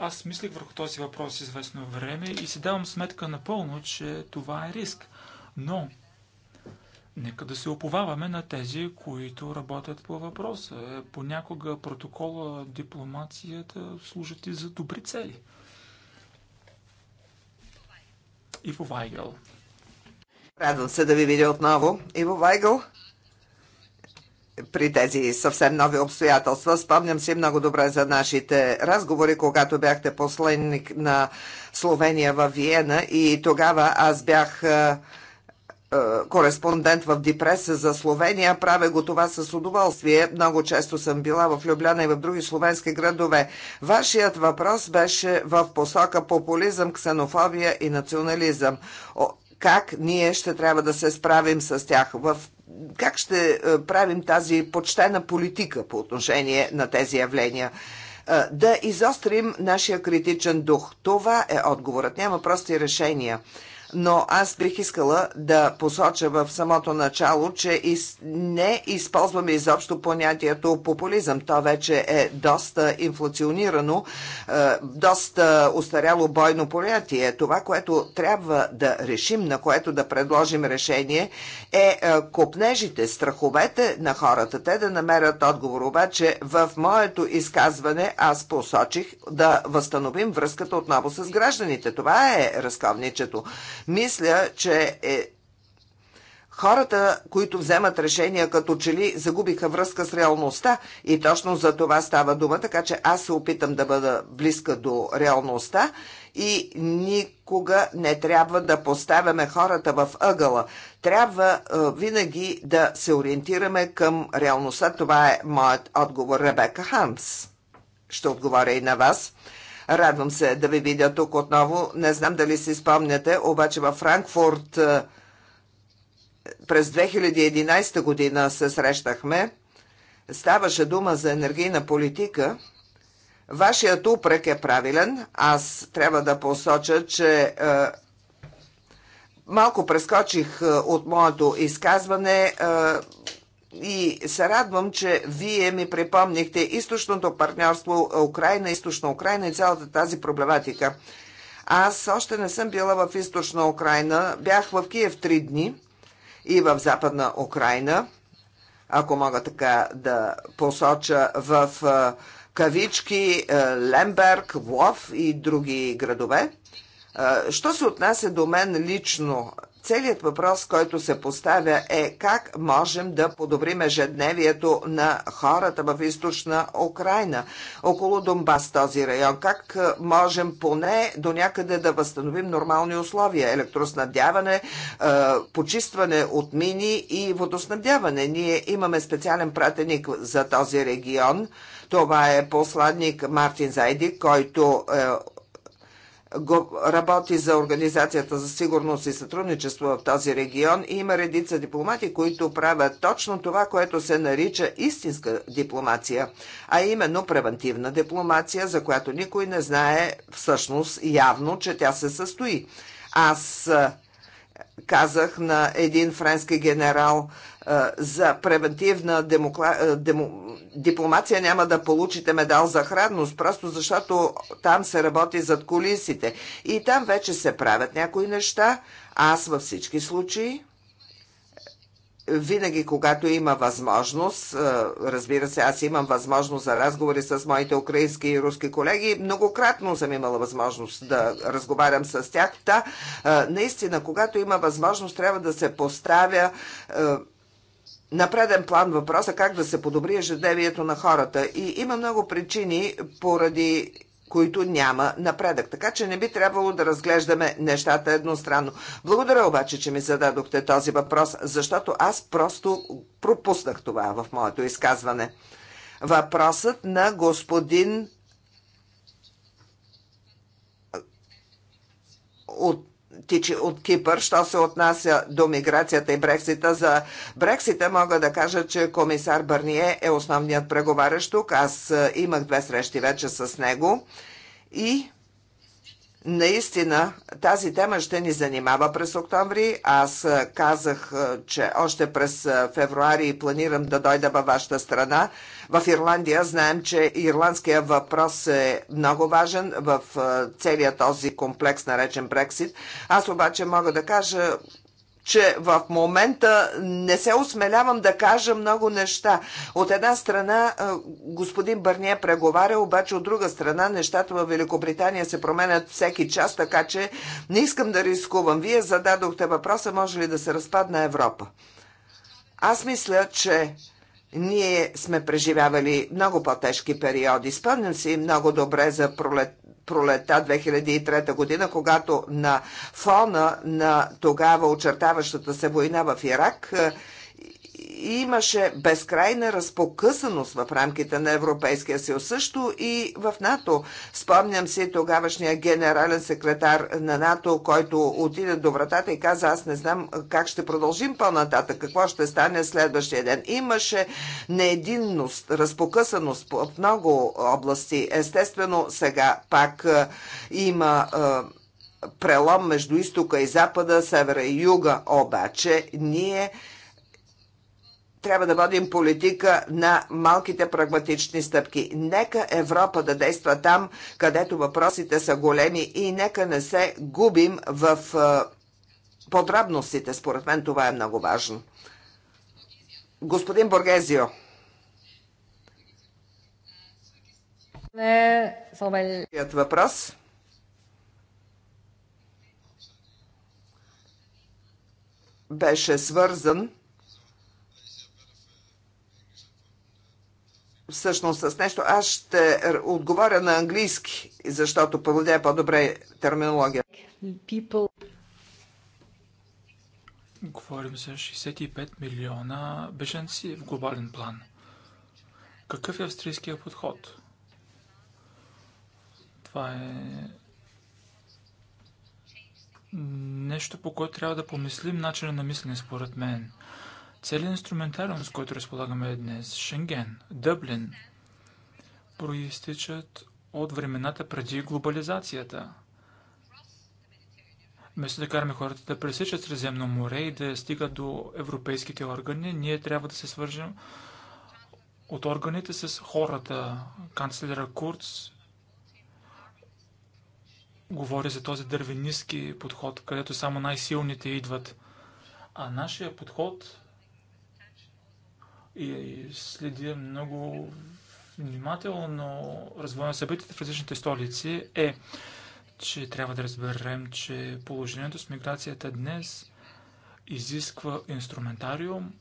Аз мислих върху този въпрос известно време и си давам сметка напълно, че това е риск. Но нека да се оповаваме на тези, които работят по въпроса. Понякога протокола, дипломацията служат и за добри цели. Иво Вайгъл. Радвам се да ви видя отново. Иво Вайгъл при тези съвсем нови обстоятелства. Спомням си много добре за нашите разговори, когато бяхте последник на Словения във Виена и тогава аз бях е, е, кореспондент в Дипреса за Словения. Правя го това с удоволствие. Много често съм била в Любляна и в други словенски градове. Вашият въпрос беше в посока популизъм, ксенофобия и национализъм. Как ние ще трябва да се справим с тях? В как ще е, правим тази почтена политика по отношение на тези явления? Е, да изострим нашия критичен дух. Това е отговорът. Няма прости решения но аз бих искала да посоча в самото начало, че не използваме изобщо понятието популизъм. То вече е доста инфлационирано, е, доста устаряло бойно понятие. Това, което трябва да решим, на което да предложим решение, е, е копнежите, страховете на хората. Те да намерят отговор. Обаче в моето изказване аз посочих да възстановим връзката отново с гражданите. Това е разковничето. Мисля, че е Хората, които вземат решения като че ли загубиха връзка с реалността и точно за това става дума, така че аз се опитам да бъда близка до реалността и никога не трябва да поставяме хората в ъгъла. Трябва е, винаги да се ориентираме към реалността. Това е моят отговор, Ребека Ханс. Ще отговоря и на вас. Радвам се да ви видя тук отново. Не знам дали си спомняте, обаче във Франкфурт е, през 2011 година се срещахме. Ставаше дума за енергийна политика. Вашият упрек е правилен. Аз трябва да посоча, че е, малко прескочих е, от моето изказване и се радвам, че вие ми припомнихте източното партньорство Украина, източна Украина и цялата тази проблематика. Аз още не съм била в източна Украина. Бях в Киев три дни и в западна Украина, ако мога така да посоча в кавички Лемберг, Лов и други градове. Що се отнася до мен лично, Целият въпрос, който се поставя е как можем да подобрим ежедневието на хората в източна Украина, около Донбас този район. Как е, можем поне до някъде да възстановим нормални условия? Електроснабдяване, е, почистване от мини и водоснабдяване. Ние имаме специален пратеник за този регион. Това е посланник Мартин Зайди, който е, работи за Организацията за сигурност и сътрудничество в този регион и има редица дипломати, които правят точно това, което се нарича истинска дипломация, а именно превентивна дипломация, за която никой не знае всъщност явно, че тя се състои. Аз казах на един френски генерал е, за превентивна демокла... Е, дем... дипломация няма да получите медал за храдност, просто защото там се работи зад колисите. И там вече се правят някои неща. Аз във всички случаи винаги, когато има възможност, разбира се, аз имам възможност за разговори с моите украински и руски колеги, многократно съм имала възможност да разговарям с тях. Та, наистина, когато има възможност, трябва да се поставя на преден план въпроса как да се подобри ежедневието на хората. И има много причини, поради които няма напредък. Така че не би трябвало да разглеждаме нещата едностранно. Благодаря обаче, че ми зададохте този въпрос, защото аз просто пропуснах това в моето изказване. Въпросът на господин от тичи от Кипър. Що се отнася до миграцията и Брексита, за Брексита мога да кажа, че комисар Бърние е основният преговарящ тук. Аз е, имах две срещи вече с него и Наистина тази тема ще ни занимава през октомври. Аз казах, че още през февруари планирам да дойда във вашата страна. В Ирландия знаем, че ирландският въпрос е много важен в целият този комплекс, наречен Брексит. Аз обаче мога да кажа че в момента не се осмелявам да кажа много неща. От една страна е, господин Бърния преговаря, обаче от друга страна нещата в Великобритания се променят всеки час, така че не искам да рискувам. Вие зададохте въпроса, може ли да се разпадна Европа? Аз мисля, че ние сме преживявали много по-тежки периоди. Спомням си много добре за пролет, пролета 2003 година, когато на фона на тогава очертаващата се война в Ирак – имаше безкрайна разпокъсаност в рамките на Европейския съюз, също и в НАТО. Спомням си тогавашния генерален секретар на НАТО, който отиде до вратата и каза, аз не знам как ще продължим по-нататък, какво ще стане следващия ден. Имаше неединност, разпокъсаност в много области. Естествено, сега пак е, има е, прелом между изтока и запада, севера и юга. Обаче ние трябва да водим политика на малките прагматични стъпки. Нека Европа да действа там, където въпросите са големи и нека не се губим в подробностите. Според мен това е много важно. Господин Боргезио. Въпрос. Беше свързан всъщност с нещо. Аз ще отговоря на английски, защото повладя е по-добре терминология. People... Говорим за 65 милиона беженци в глобален план. Какъв е австрийския подход? Това е нещо, по което трябва да помислим начина на мислене, според мен. Целият инструментариум, с който разполагаме днес, Шенген, Дъблин, проистичат от времената преди глобализацията. Вместо да караме хората да пресичат Средиземно море и да стигат до европейските органи, ние трябва да се свържем от органите с хората. Канцлера Курц говори за този дървениски подход, където само най-силните идват. А нашия подход и следя много внимателно развоя на събитията в различните столици, е, че трябва да разберем, че положението с миграцията днес изисква инструментариум,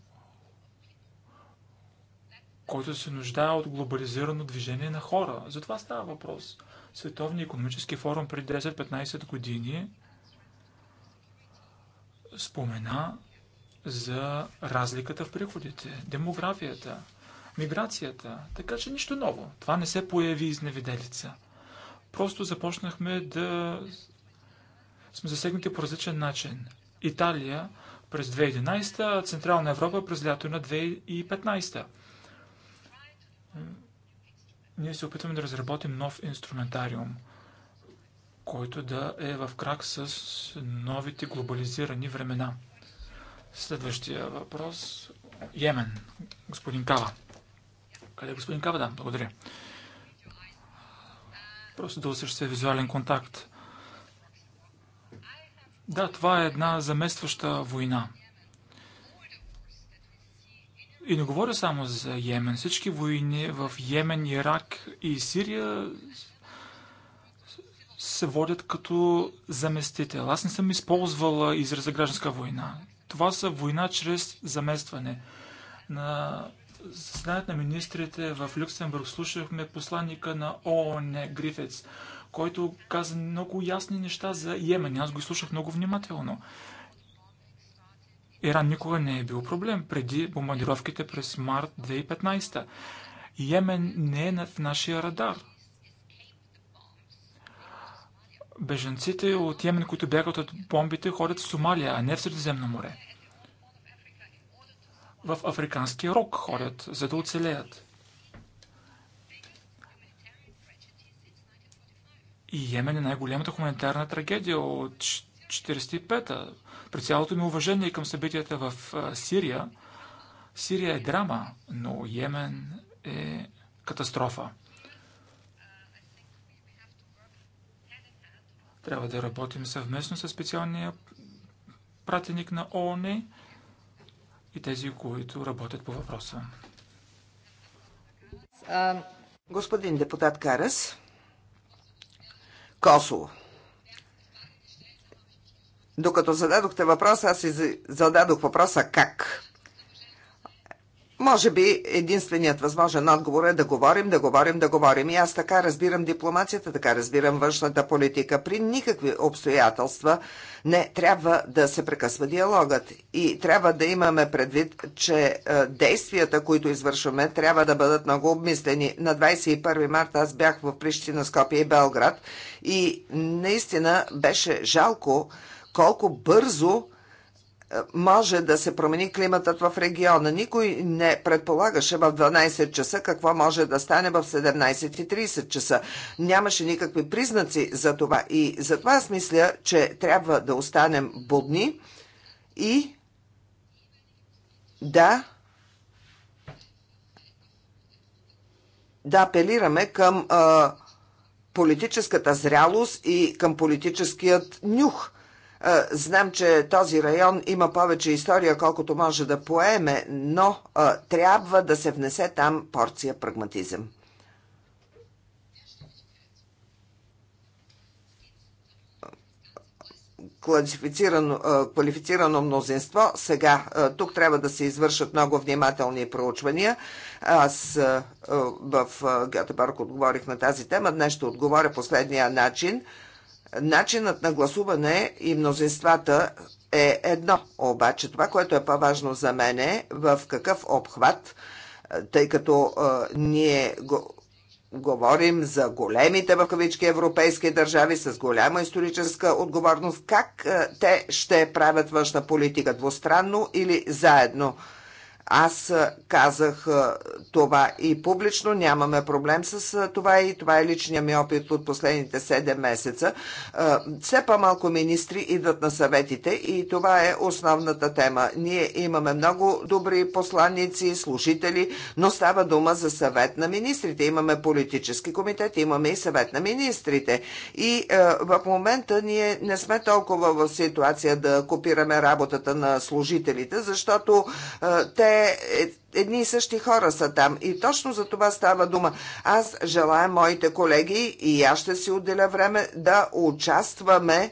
който се нуждае от глобализирано движение на хора. За това става въпрос. Световния економически форум преди 10-15 години спомена за разликата в приходите, демографията, миграцията, така че нищо ново. Това не се появи изневиделица. Просто започнахме да сме засегнати по различен начин. Италия през 2011, Централна Европа през лято на 2015. Ние се опитваме да разработим нов инструментариум, който да е в крак с новите глобализирани времена – Следващия въпрос. Йемен. Господин Кава. Къде е господин Кава? Да, благодаря. Просто да осъществя визуален контакт. Да, това е една заместваща война. И не говоря само за Йемен. Всички войни в Йемен, Ирак и Сирия се водят като заместител. Аз не съм използвала израза гражданска война. Това са война чрез заместване. На заседанието на министрите в Люксембург слушахме посланника на ООН Грифец, който каза много ясни неща за Йемен. Аз го слушах много внимателно. Иран никога не е бил проблем преди бомбардировките през март 2015. Йемен не е в нашия радар. Беженците от Йемен, които бягат от бомбите, ходят в Сомалия, а не в Средиземно море. В Африканския рок ходят, за да оцелеят. И Йемен е най-голямата хуманитарна трагедия от 45-та. При цялото ми уважение към събитията в Сирия, Сирия е драма, но Йемен е катастрофа. Трябва да работим съвместно с специалния пратеник на ООН и тези, които работят по въпроса. Господин депутат Карас, Косово. Докато зададохте въпрос, аз си зададох въпроса как. Може би единственият възможен отговор е да говорим, да говорим, да говорим. И аз така разбирам дипломацията, така разбирам външната политика. При никакви обстоятелства не трябва да се прекъсва диалогът. И трябва да имаме предвид, че е, действията, които извършваме, трябва да бъдат много обмислени. На 21 марта аз бях в Прищина, Скопия и Белград и наистина беше жалко колко бързо може да се промени климатът в региона. Никой не предполагаше в 12 часа какво може да стане в 17.30 часа. Нямаше никакви признаци за това. И затова аз мисля, че трябва да останем будни и да да апелираме към а, политическата зрялост и към политическият нюх – Знам, че този район има повече история, колкото може да поеме, но трябва да се внесе там порция прагматизъм. квалифицирано мнозинство. Сега тук трябва да се извършат много внимателни проучвания. Аз в Гетеборг отговорих на тази тема. Днес ще отговоря последния начин – начинът на гласуване и мнозинствата е едно. Обаче това, което е по-важно за мен е в какъв обхват, е, тъй като е, ние го, говорим за големите в кавички европейски държави с голяма историческа отговорност, как е, те ще правят външна политика двустранно или заедно. Аз казах това и публично, нямаме проблем с това и това е личният ми опит от последните 7 месеца. Все по-малко министри идват на съветите и това е основната тема. Ние имаме много добри посланници, служители, но става дума за съвет на министрите. Имаме политически комитет, имаме и съвет на министрите. И в момента ние не сме толкова в ситуация да копираме работата на служителите, защото те е, е, едни и същи хора са там. И точно за това става дума. Аз желая моите колеги и аз ще си отделя време да участваме е,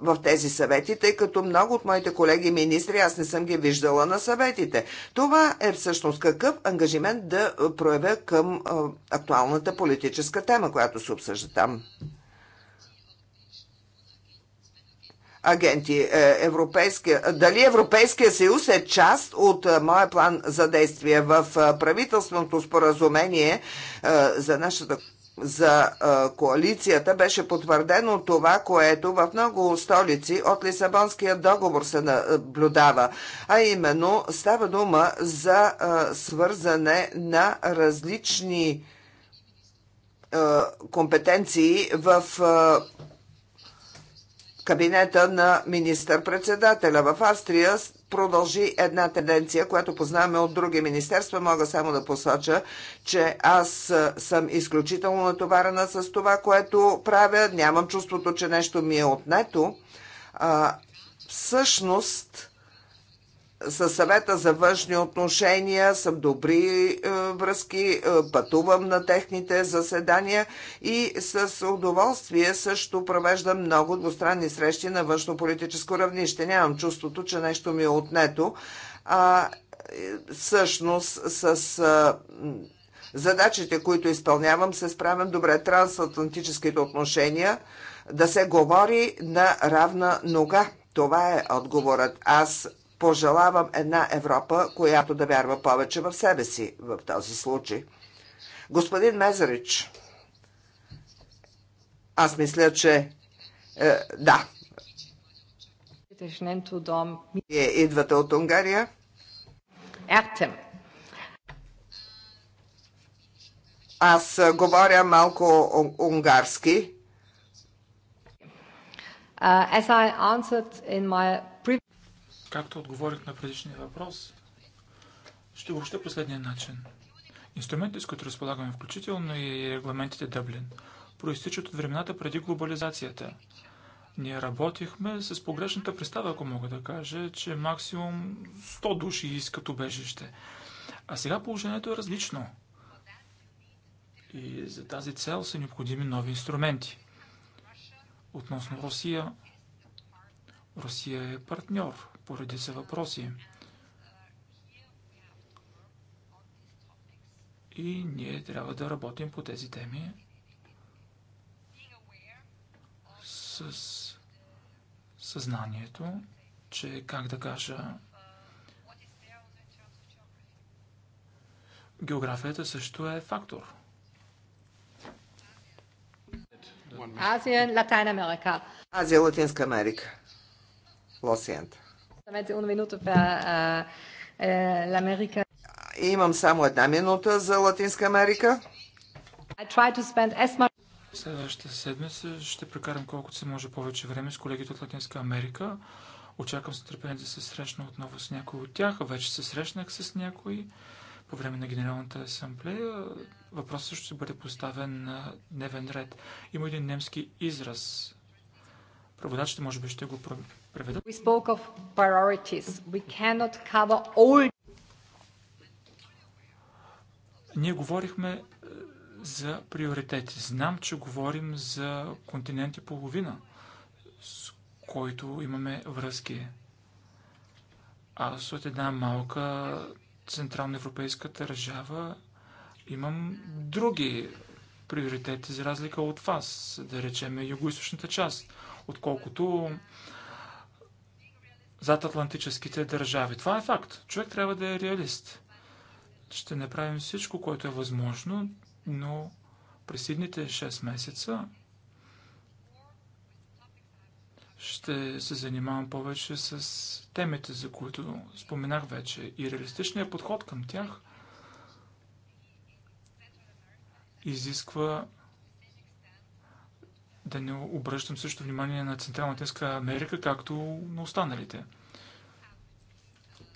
в тези съвети, тъй като много от моите колеги министри аз не съм ги виждала на съветите. Това е всъщност какъв ангажимент да проявя към актуалната политическа тема, която се обсъжда там. агенти. Е, европейския, дали Европейския съюз е част от е, моя план за действие в е, правителственото споразумение за нашата за коалицията беше потвърдено това, което в много столици от Лисабонския договор се наблюдава, а именно става дума за свързане на различни компетенции в кабинета на министър-председателя. В Австрия продължи една тенденция, която познаваме от други министерства. Мога само да посоча, че аз съм изключително натоварена с това, което правя. Нямам чувството, че нещо ми е отнето. А, всъщност, със съвета за външни отношения, съм добри е, връзки, е, пътувам на техните заседания и с удоволствие също провеждам много двустранни срещи на външно-политическо равнище. Нямам чувството, че нещо ми е отнето. А, е, всъщност с а, задачите, които изпълнявам, се справям добре. Трансатлантическите отношения да се говори на равна нога. Това е отговорът. Аз пожелавам една Европа, която да вярва повече в себе си в този случай. Господин Мезарич, аз мисля, че е, да. Вие идвате от Унгария? Ертем. Аз е, говоря малко унгарски. Uh, as I answered in my Както отговорих на предишния въпрос, ще обобща последния начин. Инструментите, с които разполагаме, включително и регламентите Дъблин, проистичат от времената преди глобализацията. Ние работихме с погрешната представа, ако мога да кажа, че максимум 100 души искат убежище. А сега положението е различно. И за тази цел са необходими нови инструменти. Относно Русия, Русия е партньор поради са въпроси. И ние трябва да работим по тези теми с съзнанието, че, как да кажа, географията също е фактор. Азия, Латинска Америка. Азия, Латинска Америка. Лосиента. Е, Имам само една минута за Латинска Америка. Следващата седмица ще прекарам колкото се може повече време с колегите от Латинска Америка. Очаквам с търпение да се срещна отново с някой от тях. Вече се срещнах с някой по време на Генералната асамблея. Въпросът също ще бъде поставен на дневен ред. Има един немски израз. Преводачите може би ще го Преведа... We spoke of priorities. We cannot cover all... Ние говорихме е, за приоритети. Знам, че говорим за континент и половина, с който имаме връзки. Аз от една малка централноевропейска държава имам други приоритети за разлика от вас, да речем юго част, отколкото зад атлантическите държави. Това е факт. Човек трябва да е реалист. Ще направим всичко, което е възможно, но през следните 6 месеца ще се занимавам повече с темите, за които споменах вече и реалистичният подход към тях изисква да не обръщам също внимание на Централна Тинска Америка, както на останалите.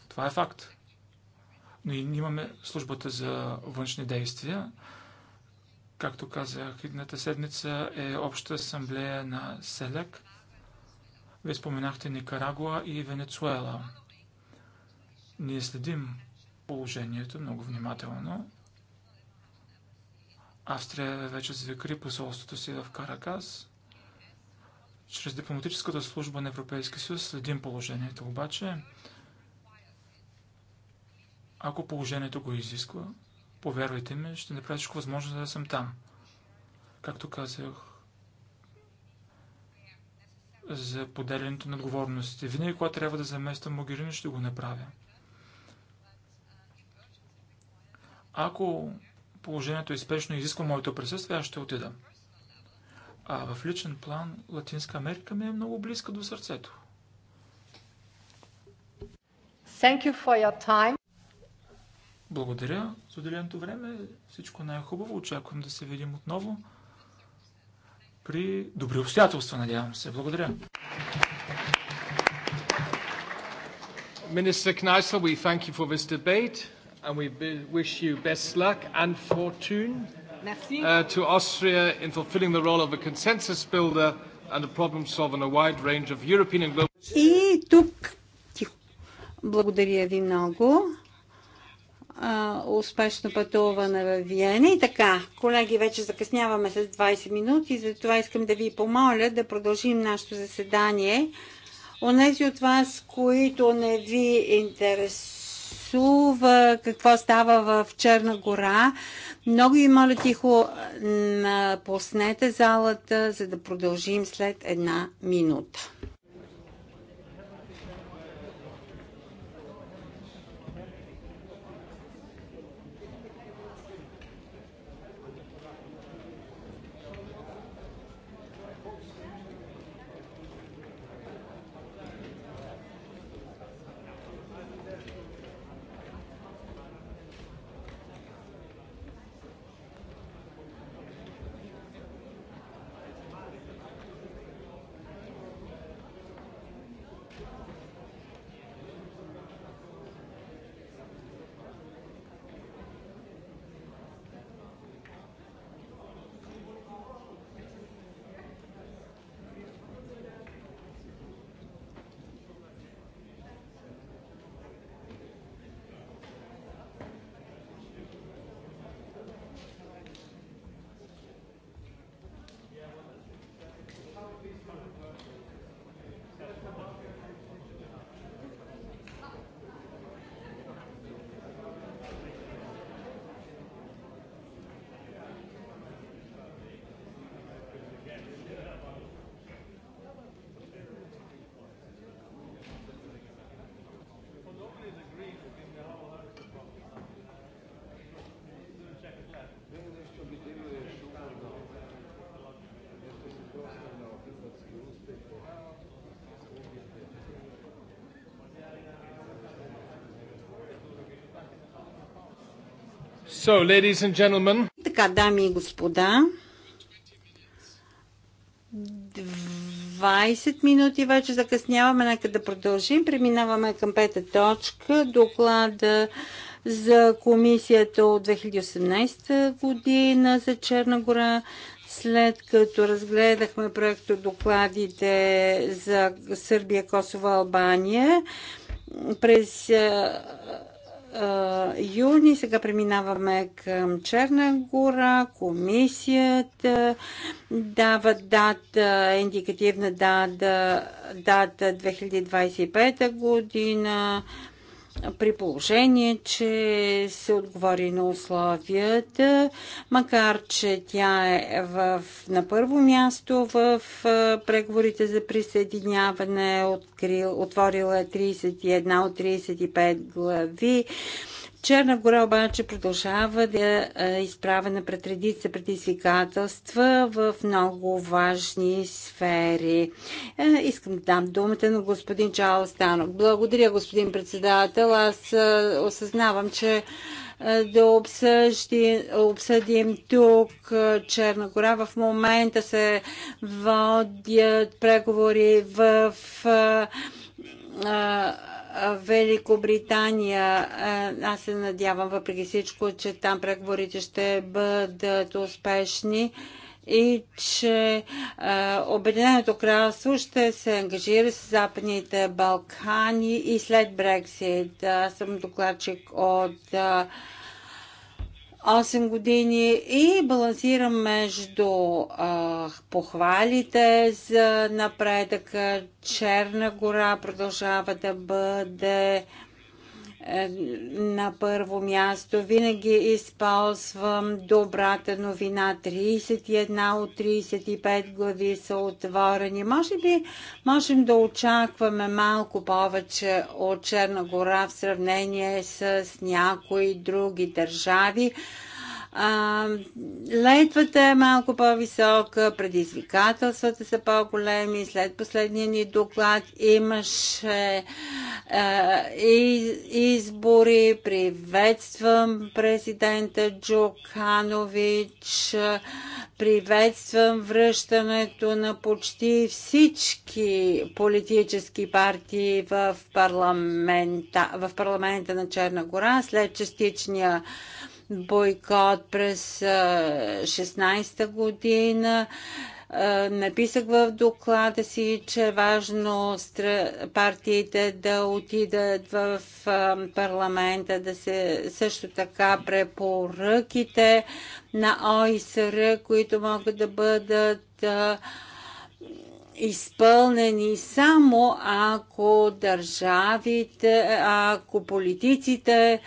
Това е факт. Но и имаме службата за външни действия. Както казах, едната седмица е обща асамблея на СЕЛЕК. Вие споменахте Никарагуа и Венецуела. Ние следим положението много внимателно Австрия вече закри посолството си в Каракас. Чрез дипломатическата служба на Европейския съюз следим положението обаче. Ако положението го изисква, повярвайте ми, ще направя всичко възможно да съм там. Както казах, за поделянето на отговорностите. Винаги, когато трябва да замествам Могерини, ще го направя. Ако положението е спешно и изисква моето присъствие, аз ще отида. А в личен план Латинска Америка ми е много близка до сърцето. Thank you for your time. Благодаря за отделеното време. Всичко най-хубаво. Очаквам да се видим отново при добри обстоятелства, надявам се. Благодаря. Minister Кнайсъл, we thank you for this debate and we wish you best luck and fortune Merci. Uh, to Austria in fulfilling the role of a consensus builder and a problem solver in a wide range of European and global... И тук... Тихо. Благодаря ви много. Uh, успешно пътуване в Виена. И така, колеги, вече закъсняваме с 20 минути, затова искам да ви помоля да продължим нашето заседание. Онези от вас, които не ви интересуват, интересува какво става в Черна гора. Много ви моля тихо, напуснете залата, за да продължим след една минута. So, ladies and gentlemen. Така, дами и господа, 20 минути вече закъсняваме, нека да продължим. Преминаваме към пета точка, доклада за комисията от 2018 година за Черна гора, след като разгледахме проекто докладите за Сърбия, Косово, Албания през юни. Сега преминаваме към Черна гора. Комисията дава дата, индикативна дата, дата 2025 година при положение, че се отговори на условията, макар че тя е в, на първо място в преговорите за присъединяване, открил, отворила 31 е от 35 глави Черна гора обаче продължава да е изправена пред редица предизвикателства в много важни сфери. Е, искам да дам думата на господин Чао Станок. Благодаря, господин председател. Аз е, осъзнавам, че е, да обсъжди, обсъдим тук е, Черна гора. В момента се водят преговори в е, Великобритания. Е, аз се надявам, въпреки всичко, че там преговорите ще бъдат успешни и че е, Обединеното кралство ще се ангажира с Западните Балкани и след Брексит. Аз съм докладчик от а, е, 8 години и балансирам между а, похвалите за напредъка. Черна гора продължава да бъде на първо място. Винаги използвам добрата новина. 31 от 35 глави са отворени. Може би можем да очакваме малко повече от Черна гора в сравнение с някои други държави. А, летвата е малко по-висока, предизвикателствата са по-големи. След последния ни доклад имаше а, и, избори. Приветствам президента Джуканович. Приветствам връщането на почти всички политически партии в парламента, в парламента на Черна гора след частичния бойкот през 16-та година. Написах в доклада си, че е важно партиите да отидат в парламента, да се също така препоръките на ОИСР, които могат да бъдат изпълнени само ако държавите, ако политиците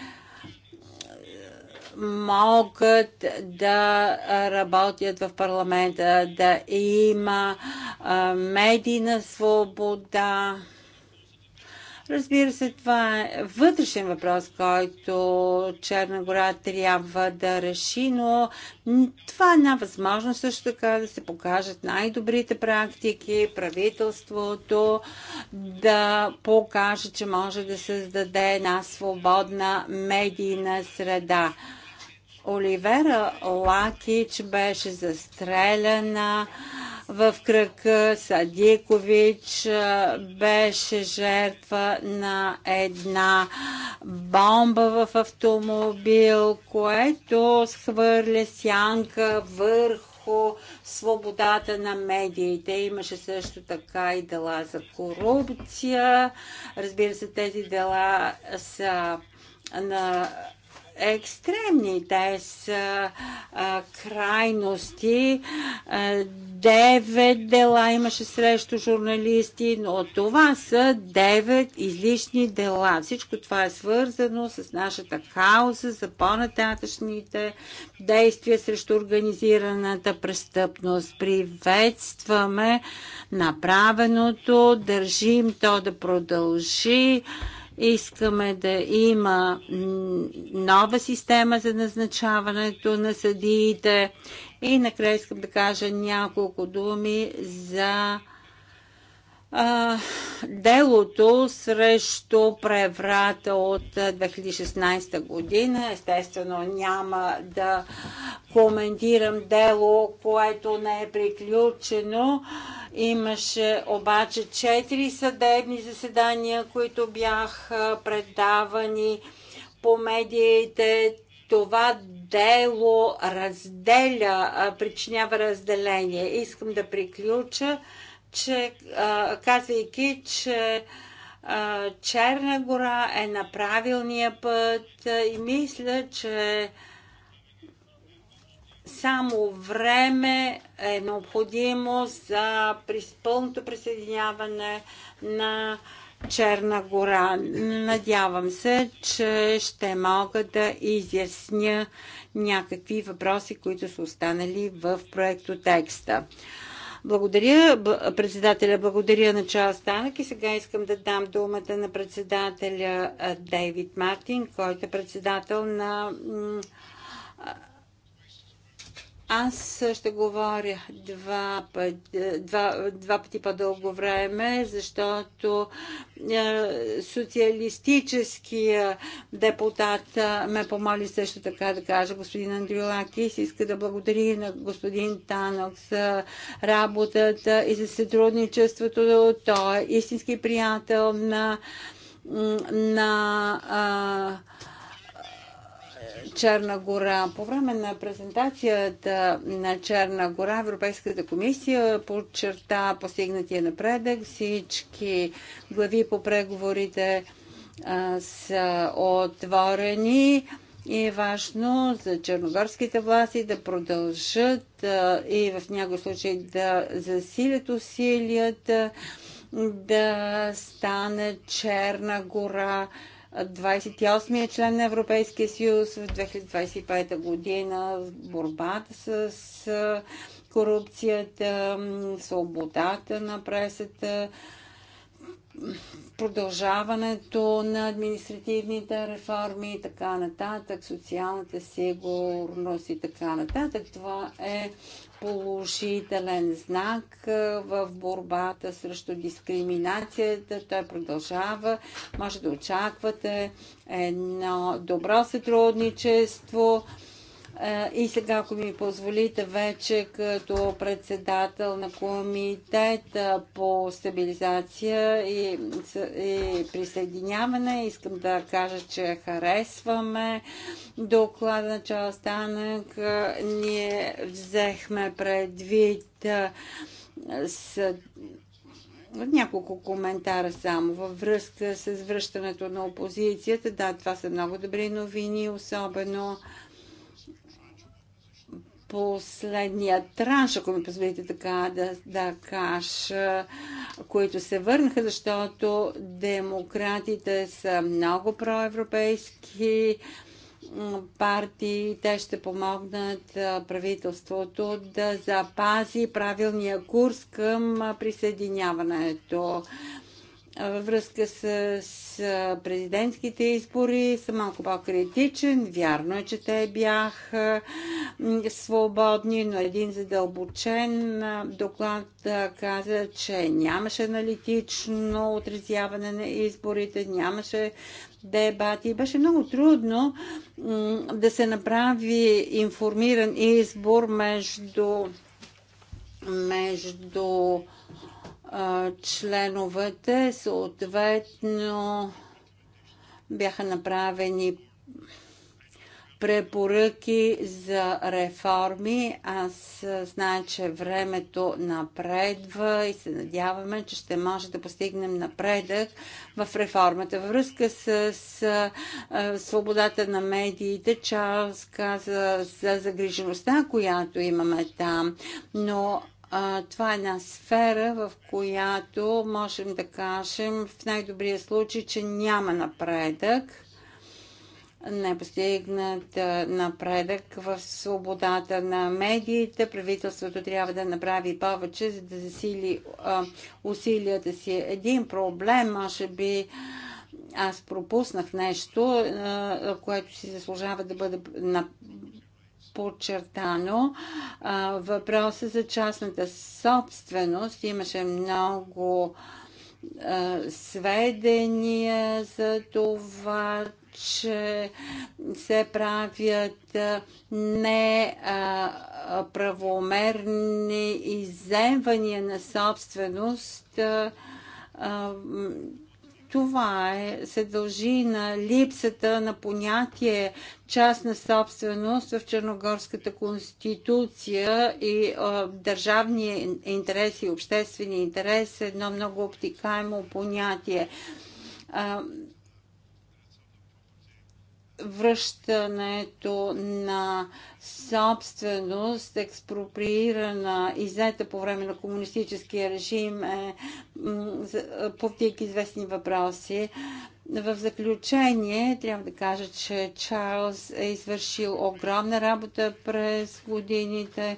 могат да работят в парламента, да има медийна свобода. Разбира се, това е вътрешен въпрос, който Черна гора трябва да реши, но това е една възможност също така да се покажат най-добрите практики, правителството да покаже, че може да създаде една свободна медийна среда. Оливера Лакич беше застреляна в кръка, Садикович беше жертва на една бомба в автомобил, което схвърля сянка върху свободата на медиите. Имаше също така и дела за корупция. Разбира се, тези дела са на екстремни. Те са а, крайности. девет дела имаше срещу журналисти, но това са девет излишни дела. Всичко това е свързано с нашата кауза за по-нататъчните действия срещу организираната престъпност. Приветстваме направеното, държим то да продължи Искаме да има нова система за назначаването на съдиите. И накрая искам да кажа няколко думи за а, делото срещу преврата от 2016 година. Естествено, няма да коментирам дело, което не е приключено Имаше обаче 4 съдебни заседания, които бяха предавани по медиите. Това дело разделя, причинява разделение. Искам да приключа, че, казвайки, че Черна гора е на правилния път и мисля, че само време е необходимо за пълното присъединяване на Черна гора. Надявам се, че ще мога да изясня някакви въпроси, които са останали в проекто текста. Благодаря, председателя, благодаря на Чао Станък и сега искам да дам думата на председателя Дейвид Мартин, който е председател на аз ще говоря два, път, два, два пъти по-дълго време, защото е, социалистическия депутат е, ме помоли също така да кажа. Господин Андрюлакис иска да благодари на господин Танок за работата и за сътрудничеството. Той е истински приятел на, на а, Черна гора. По време на презентацията на Черна гора Европейската комисия подчерта постигнатия напредък. Всички глави по преговорите а, са отворени и е важно за черногорските власти да продължат а, и в някои случаи да засилят усилията да стане Черна гора 28 я член на Европейския съюз в 2025 година борбата с корупцията, свободата на пресата, продължаването на административните реформи и така нататък, социалната сигурност и така нататък. Това е положителен знак в борбата срещу дискриминацията. Той продължава. Може да очаквате едно добро сътрудничество и сега, ако ми позволите, вече като председател на комитета по стабилизация и, и присъединяване, искам да кажа, че харесваме доклада на Чао Станък. Ние взехме предвид с няколко коментара само във връзка с връщането на опозицията. Да, това са много добри новини, особено последния транш, ако ми позволите така да, да кажа, които се върнаха, защото демократите са много проевропейски партии. Те ще помогнат правителството да запази правилния курс към присъединяването във връзка с, с президентските избори съм малко по-критичен. Вярно е, че те бяха свободни, но един задълбочен доклад каза, че нямаше аналитично отразяване на изборите, нямаше дебати. Беше много трудно да се направи информиран избор между между членовете съответно бяха направени препоръки за реформи. Аз знам, че времето напредва и се надяваме, че ще може да постигнем напредък в реформата. Във връзка с, с свободата на медиите, Чарлз каза за загрижеността, която имаме там, но а, това е една сфера, в която можем да кажем в най-добрия случай, че няма напредък, не постигнат напредък в свободата на медиите. Правителството трябва да направи повече, за да засили а, усилията си. Един проблем, може би, аз пропуснах нещо, а, което си заслужава да бъде на, подчертано въпроса за частната собственост. Имаше много сведения за това, че се правят неправомерни иземвания на собственост това е, се дължи на липсата на понятие частна собственост в Черногорската конституция и а, държавния интерес и обществения интерес едно много обтикаемо понятие. А, връщането на собственост, експроприирана и заета по време на комунистическия режим, е, повдига известни въпроси. В заключение трябва да кажа, че Чарлз е извършил огромна работа през годините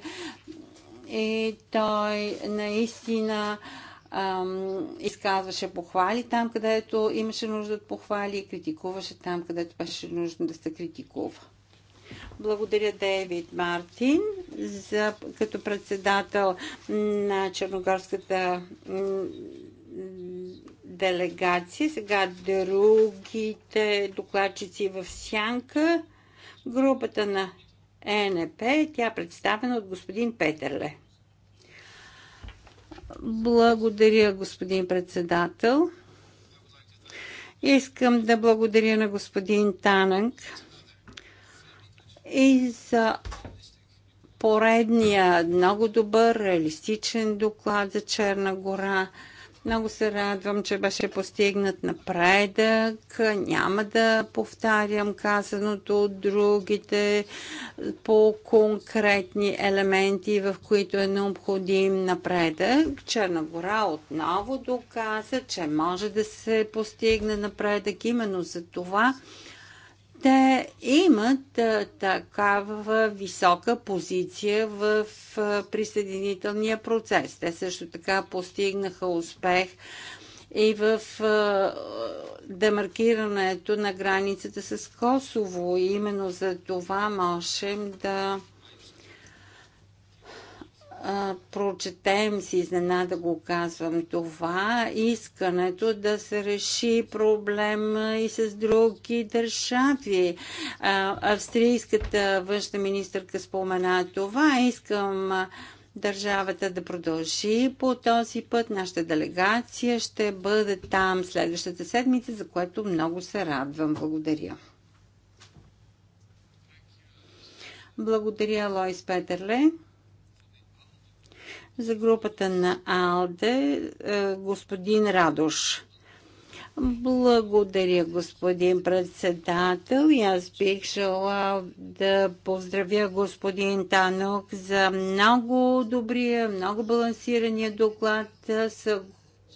и той наистина е, изказваше похвали там, където имаше нужда от похвали и критикуваше там, където беше нужно да се критикува. Благодаря Дейвид Мартин за, като председател на Черногорската делегация. Сега другите докладчици в Сянка. Групата на ЕНП, тя е представена от господин Петерле. Благодаря, господин председател. Искам да благодаря на господин Танък и за поредния много добър, реалистичен доклад за Черна гора – много се радвам, че беше постигнат напредък. Няма да повтарям казаното от другите по конкретни елементи, в които е необходим напредък. Черна гора отново доказа, че може да се постигне напредък. Именно за това те имат такава висока позиция в присъединителния процес. Те също така постигнаха успех и в демаркирането на границата с Косово. И именно за това можем да а, прочетем си, изненада го казвам това, искането да се реши проблема и с други държави. А, австрийската външна министърка спомена това. Искам държавата да продължи по този път. Нашата делегация ще бъде там следващата седмица, за което много се радвам. Благодаря. Благодаря, Лойс Петерле. За групата на АЛДЕ е, господин Радош. Благодаря, господин председател. И аз бих желал да поздравя господин Танок за много добрия, много балансирания доклад.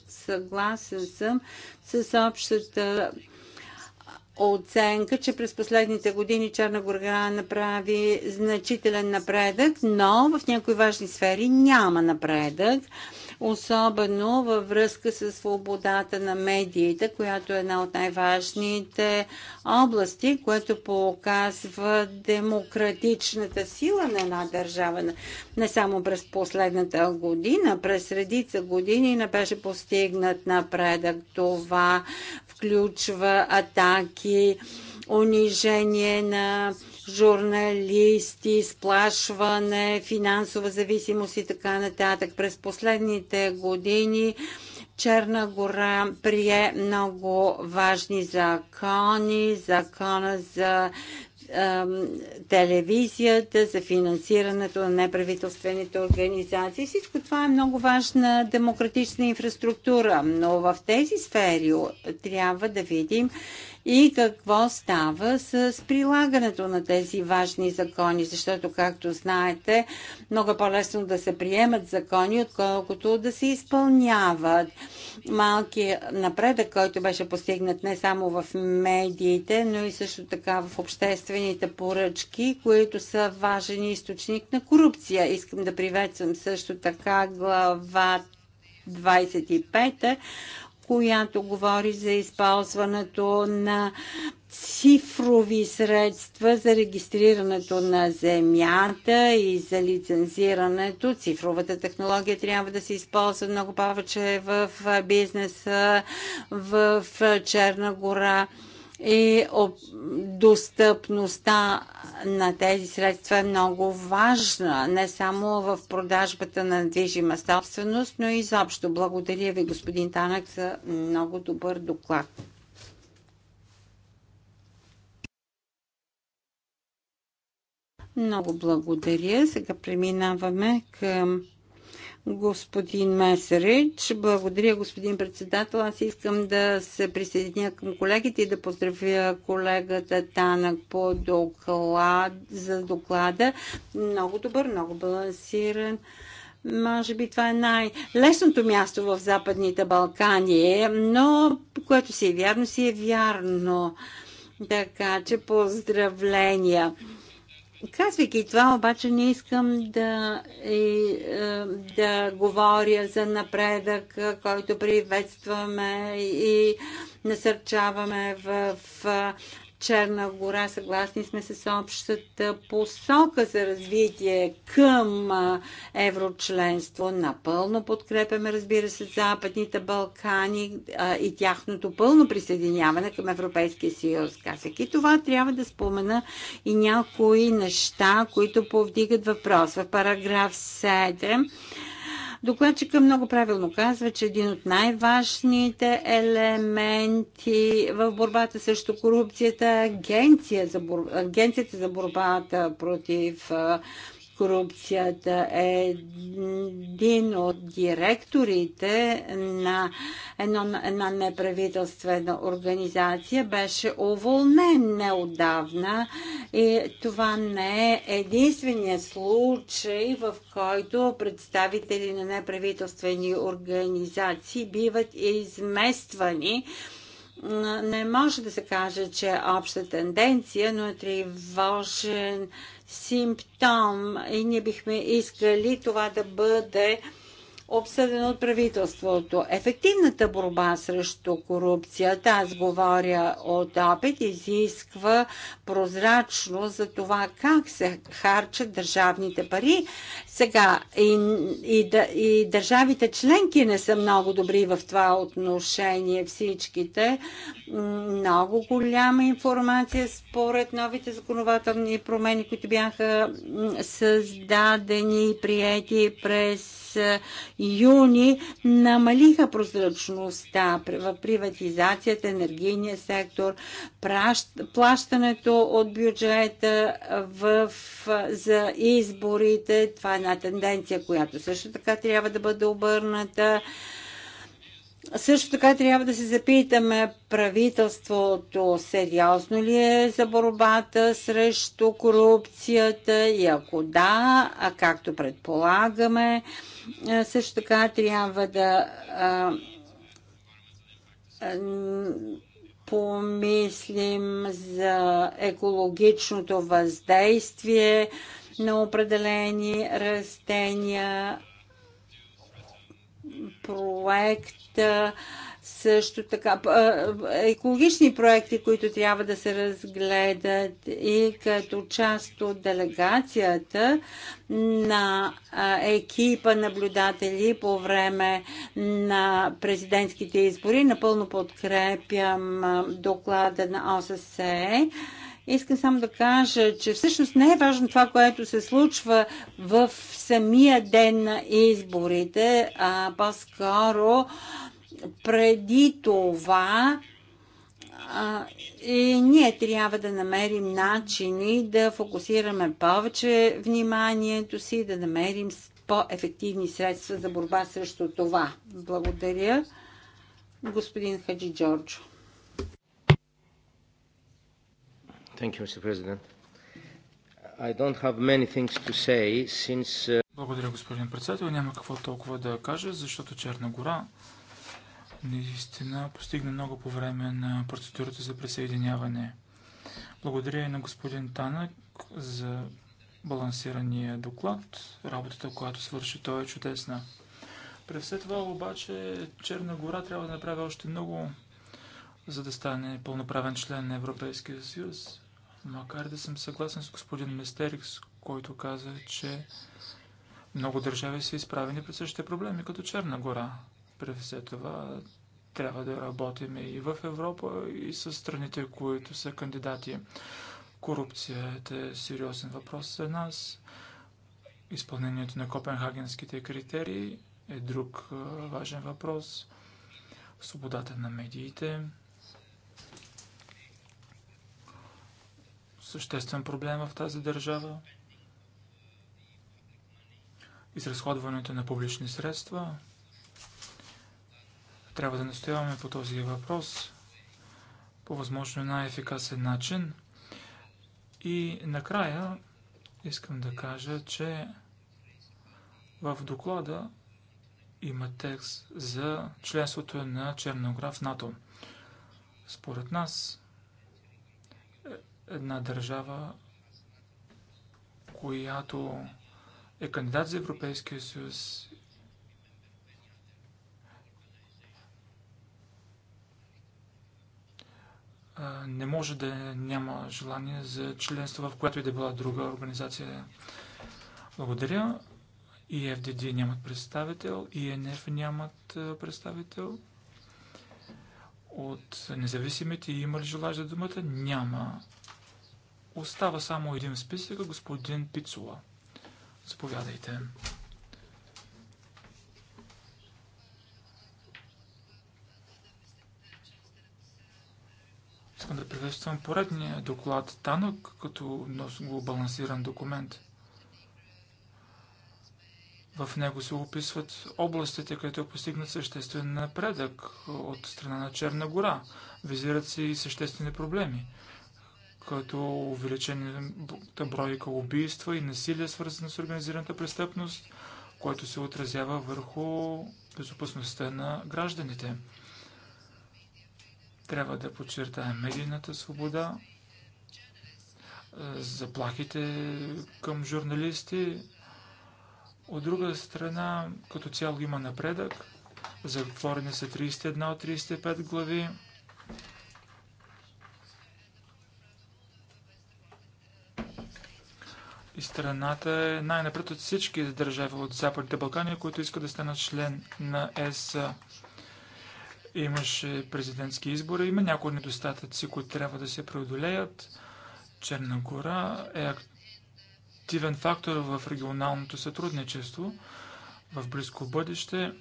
Съгласен съм с общата оценка, че през последните години Черна гора направи значителен напредък, но в някои важни сфери няма напредък особено във връзка с свободата на медиите, която е една от най-важните области, което показва демократичната сила на една държава. Не само през последната година, през редица години не беше постигнат напредък. Това включва атаки, унижение на журналисти, сплашване, финансова зависимост и така нататък. През последните години Черна гора прие много важни закони, закона за телевизията, за финансирането на неправителствените организации. Всичко това е много важна демократична инфраструктура, но в тези сфери трябва да видим и какво става с прилагането на тези важни закони, защото, както знаете, много по-лесно да се приемат закони, отколкото да се изпълняват. Малкият напредък, който беше постигнат не само в медиите, но и също така в обществените поръчки, които са важен източник на корупция. Искам да приветствам също така глава 25 която говори за използването на цифрови средства за регистрирането на земята и за лицензирането. Цифровата технология трябва да се използва много повече в бизнеса, в Черна гора и достъпността на тези средства е много важна, не само в продажбата на движима собственост, но и изобщо. Благодаря ви, господин Танък, за много добър доклад. Много благодаря. Сега преминаваме към Господин Месерич, благодаря, господин председател. Аз искам да се присъединя към колегите и да поздравя колегата Танък по доклад, за доклада. Много добър, много балансиран. Може би това е най-лесното място в Западните Балкани, но което си е вярно, си е вярно. Така че поздравления. Казвайки това, обаче не искам да, и, е, да говоря за напредък, е, който приветстваме и насърчаваме в, в Черна гора. Съгласни сме с общата посока за развитие към еврочленство. Напълно подкрепяме, разбира се, Западните Балкани и тяхното пълно присъединяване към Европейския съюз. Казвайки това, трябва да спомена и някои неща, които повдигат въпрос. В параграф 7 Докладчика много правилно казва, че един от най-важните елементи в борбата срещу корупцията е агенция за бор... агенцията за борбата против корупцията. Е един от директорите на едно, една неправителствена организация беше уволнен неодавна и това не е единственият случай, в който представители на неправителствени организации биват измествани не може да се каже, че е обща тенденция, но е тревожен симптом и ние бихме искали това да бъде обсъдено от правителството. Ефективната борба срещу корупцията, аз говоря от опит, изисква прозрачно за това как се харчат държавните пари. Сега и, и, и държавите членки не са много добри в това отношение всичките. Много голяма информация според новите законодателни промени, които бяха създадени и приети през юни намалиха прозрачността в приватизацията, енергийния сектор, плащането от бюджета в, за изборите. Това е една тенденция, която също така трябва да бъде обърната. Също така трябва да се запитаме правителството сериозно ли е за борбата срещу корупцията и ако да, а както предполагаме, също така трябва да помислим за екологичното въздействие на определени растения, проекта също така екологични проекти, които трябва да се разгледат и като част от делегацията на екипа наблюдатели по време на президентските избори. Напълно подкрепям доклада на ОССЕ. Искам само да кажа, че всъщност не е важно това, което се случва в самия ден на изборите, а по-скоро преди това а, и ние трябва да намерим начини да фокусираме повече вниманието си, да намерим по-ефективни средства за борба срещу това. Благодаря, господин Хаджи Джорджо. Uh, Благодаря, господин председател. Няма какво толкова да кажа, защото Черна гора наистина постигна много по време на процедурата за присъединяване. Благодаря и на господин Танък за балансирания доклад. Работата, която свърши, той е чудесна. През все това обаче Черна гора трябва да направи още много, за да стане пълноправен член на Европейския съюз. Макар да съм съгласен с господин Местерикс, който каза, че много държави са изправени пред същите проблеми като Черна гора. При все това трябва да работим и в Европа, и с страните, които са кандидати. Корупцията е сериозен въпрос за нас. Изпълнението на копенхагенските критерии е друг важен въпрос. Свободата на медиите. Съществен проблем в тази държава. Изразходването на публични средства. Трябва да настояваме по този въпрос по възможно най-ефикасен начин. И накрая искам да кажа, че в доклада има текст за членството на Чернограф НАТО. Според нас, е една държава, която е кандидат за Европейския съюз не може да няма желание за членство в която и да била друга организация. Благодаря. И ФДД нямат представител, и е НФ нямат представител. От независимите има ли желание за думата? Няма. Остава само един списък, господин Пицула. Заповядайте. Искам да приветствам поредния доклад Танък като много балансиран документ. В него се описват областите, където е постигнат съществен напредък от страна на Черна гора. Визират се и съществени проблеми, като увеличената бройка убийства и насилие, свързано с организираната престъпност, което се отразява върху безопасността на гражданите. Трябва да подчертаем медийната свобода, е, заплахите към журналисти. От друга страна, като цяло има напредък. Затворени са 31 от 35 глави. И страната е най-напред от всички държави от Западните Балкани, които искат да станат член на ЕС. Имаше президентски избори, има някои недостатъци, които трябва да се преодолеят. Черна гора е активен фактор в регионалното сътрудничество. В близко бъдеще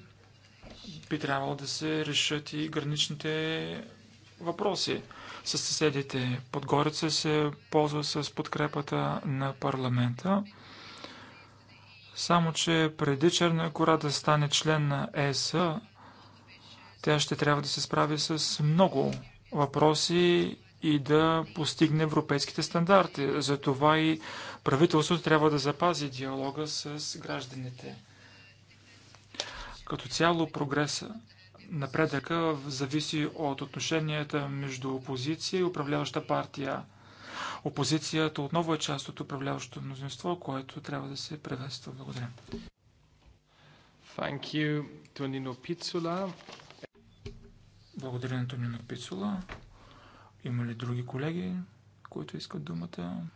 би трябвало да се решат и граничните въпроси с съседите. Подгорица се ползва с подкрепата на парламента. Само, че преди Черна гора да стане член на ЕСА. Тя ще трябва да се справи с много въпроси и да постигне европейските стандарти. Затова и правителството трябва да запази диалога с гражданите. Като цяло прогреса, напредъка зависи от отношенията между опозиция и управляваща партия. Опозицията отново е част от управляващото мнозинство, което трябва да се превества. Благодаря. Thank you, Tonino Pizzula. Благодаря на Тонина Пицула. Има ли други колеги, които искат думата?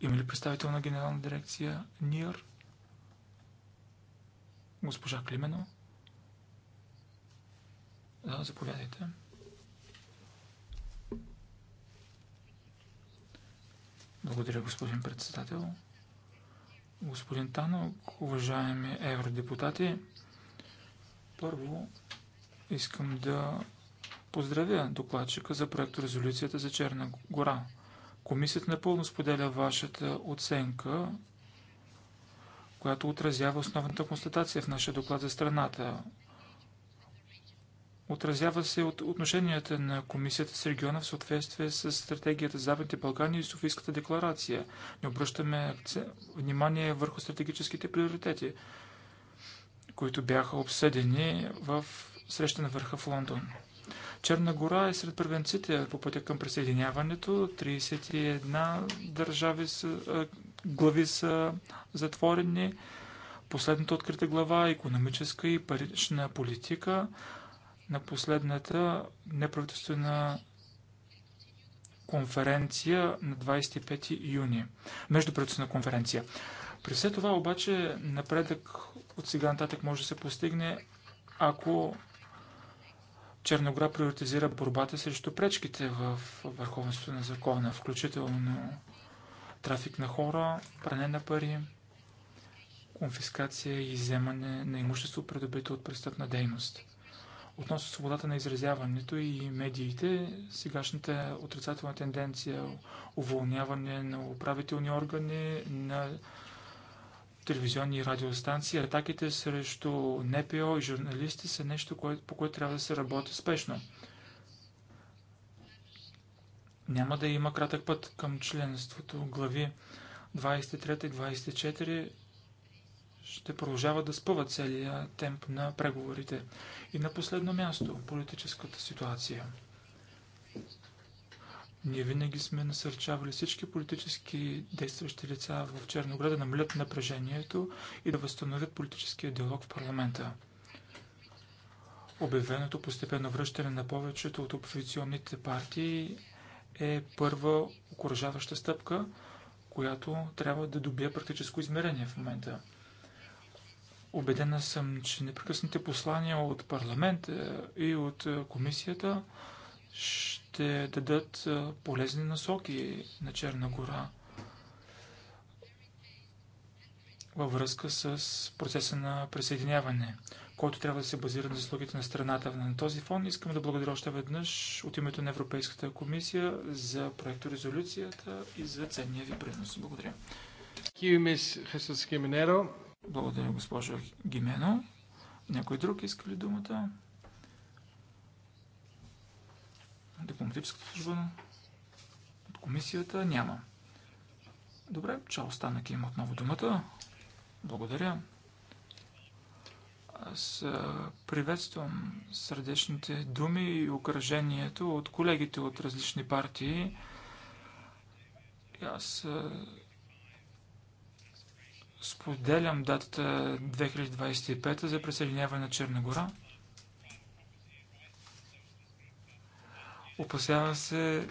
Има ли представител на генерална дирекция НИР? Госпожа Климено? Да, заповядайте. Благодаря, господин председател господин Тано, уважаеми евродепутати. Първо искам да поздравя докладчика за резолюцията за Черна гора. Комисията напълно споделя вашата оценка, която отразява основната констатация в нашия доклад за страната. Отразява се от отношенията на комисията с региона в съответствие с стратегията за Западните Балкани и Софийската декларация. Не обръщаме внимание върху стратегическите приоритети, които бяха обсъдени в среща на върха в Лондон. Черна гора е сред първенците по пътя към присъединяването. 31 държави са, глави са затворени. Последната открита глава е економическа и парична политика – на последната неправителствена конференция на 25 юни, междуправителствена конференция. При все това обаче напредък от сега нататък може да се постигне, ако Черногра приоритизира борбата срещу пречките в върховенството на закона, включително трафик на хора, пране на пари, конфискация и вземане на имущество, придобито от престъпна дейност относно свободата на изразяването и медиите, сегашната отрицателна тенденция уволняване на управителни органи, на телевизионни и радиостанции, атаките срещу НПО и журналисти са нещо, по което трябва да се работи спешно. Няма да има кратък път към членството. Глави 23 24 ще продължават да спъват целия темп на преговорите. И на последно място, политическата ситуация. Ние винаги сме насърчавали всички политически действащи лица в Черноград да намалят напрежението и да възстановят политическия диалог в парламента. Обявеното постепенно връщане на повечето от опозиционните партии е първа окоръжаваща стъпка, която трябва да добие практическо измерение в момента. Обедена съм, че непрекъсните послания от парламента е, и от е, комисията ще дадат е, полезни насоки на Черна гора във връзка с процеса на присъединяване, който трябва да се базира на заслугите на страната. На този фон искам да благодаря още веднъж от името на Европейската комисия за проекто резолюцията и за ценния ви принос. Благодаря. Благодаря, госпожо Гимено. Някой друг иска ли думата? Дипломатическата служба от комисията няма. Добре, Чао останах има отново думата. Благодаря. Аз приветствам сърдечните думи и окръжението от колегите от различни партии. Аз Споделям датата 2025 за присъединяване на Черна гора. Опасявам се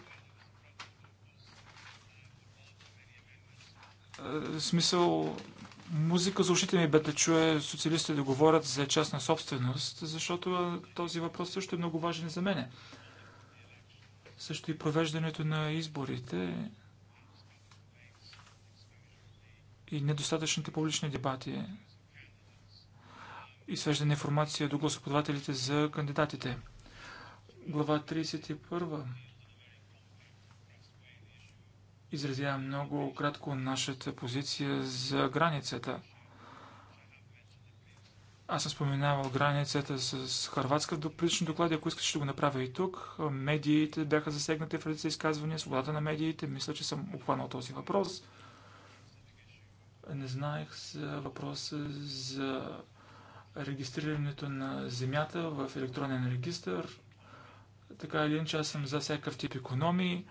в е, смисъл музика за ушите ми бе да чуе социалистите да говорят за частна собственост, защото този въпрос също е много важен за мене. Също и провеждането на изборите и недостатъчните публични дебати и свеждане информация до гласоподавателите за кандидатите. Глава 31 изразява много кратко нашата позиция за границата. Аз съм споменавал границата с Харватска в предишни доклади, ако искате ще го направя и тук. Медиите бяха засегнати в редица изказвания, свободата на медиите, мисля, че съм обхванал този въпрос не знаех за въпроса за регистрирането на земята в електронен регистр. Така или иначе аз съм за всякакъв тип економии.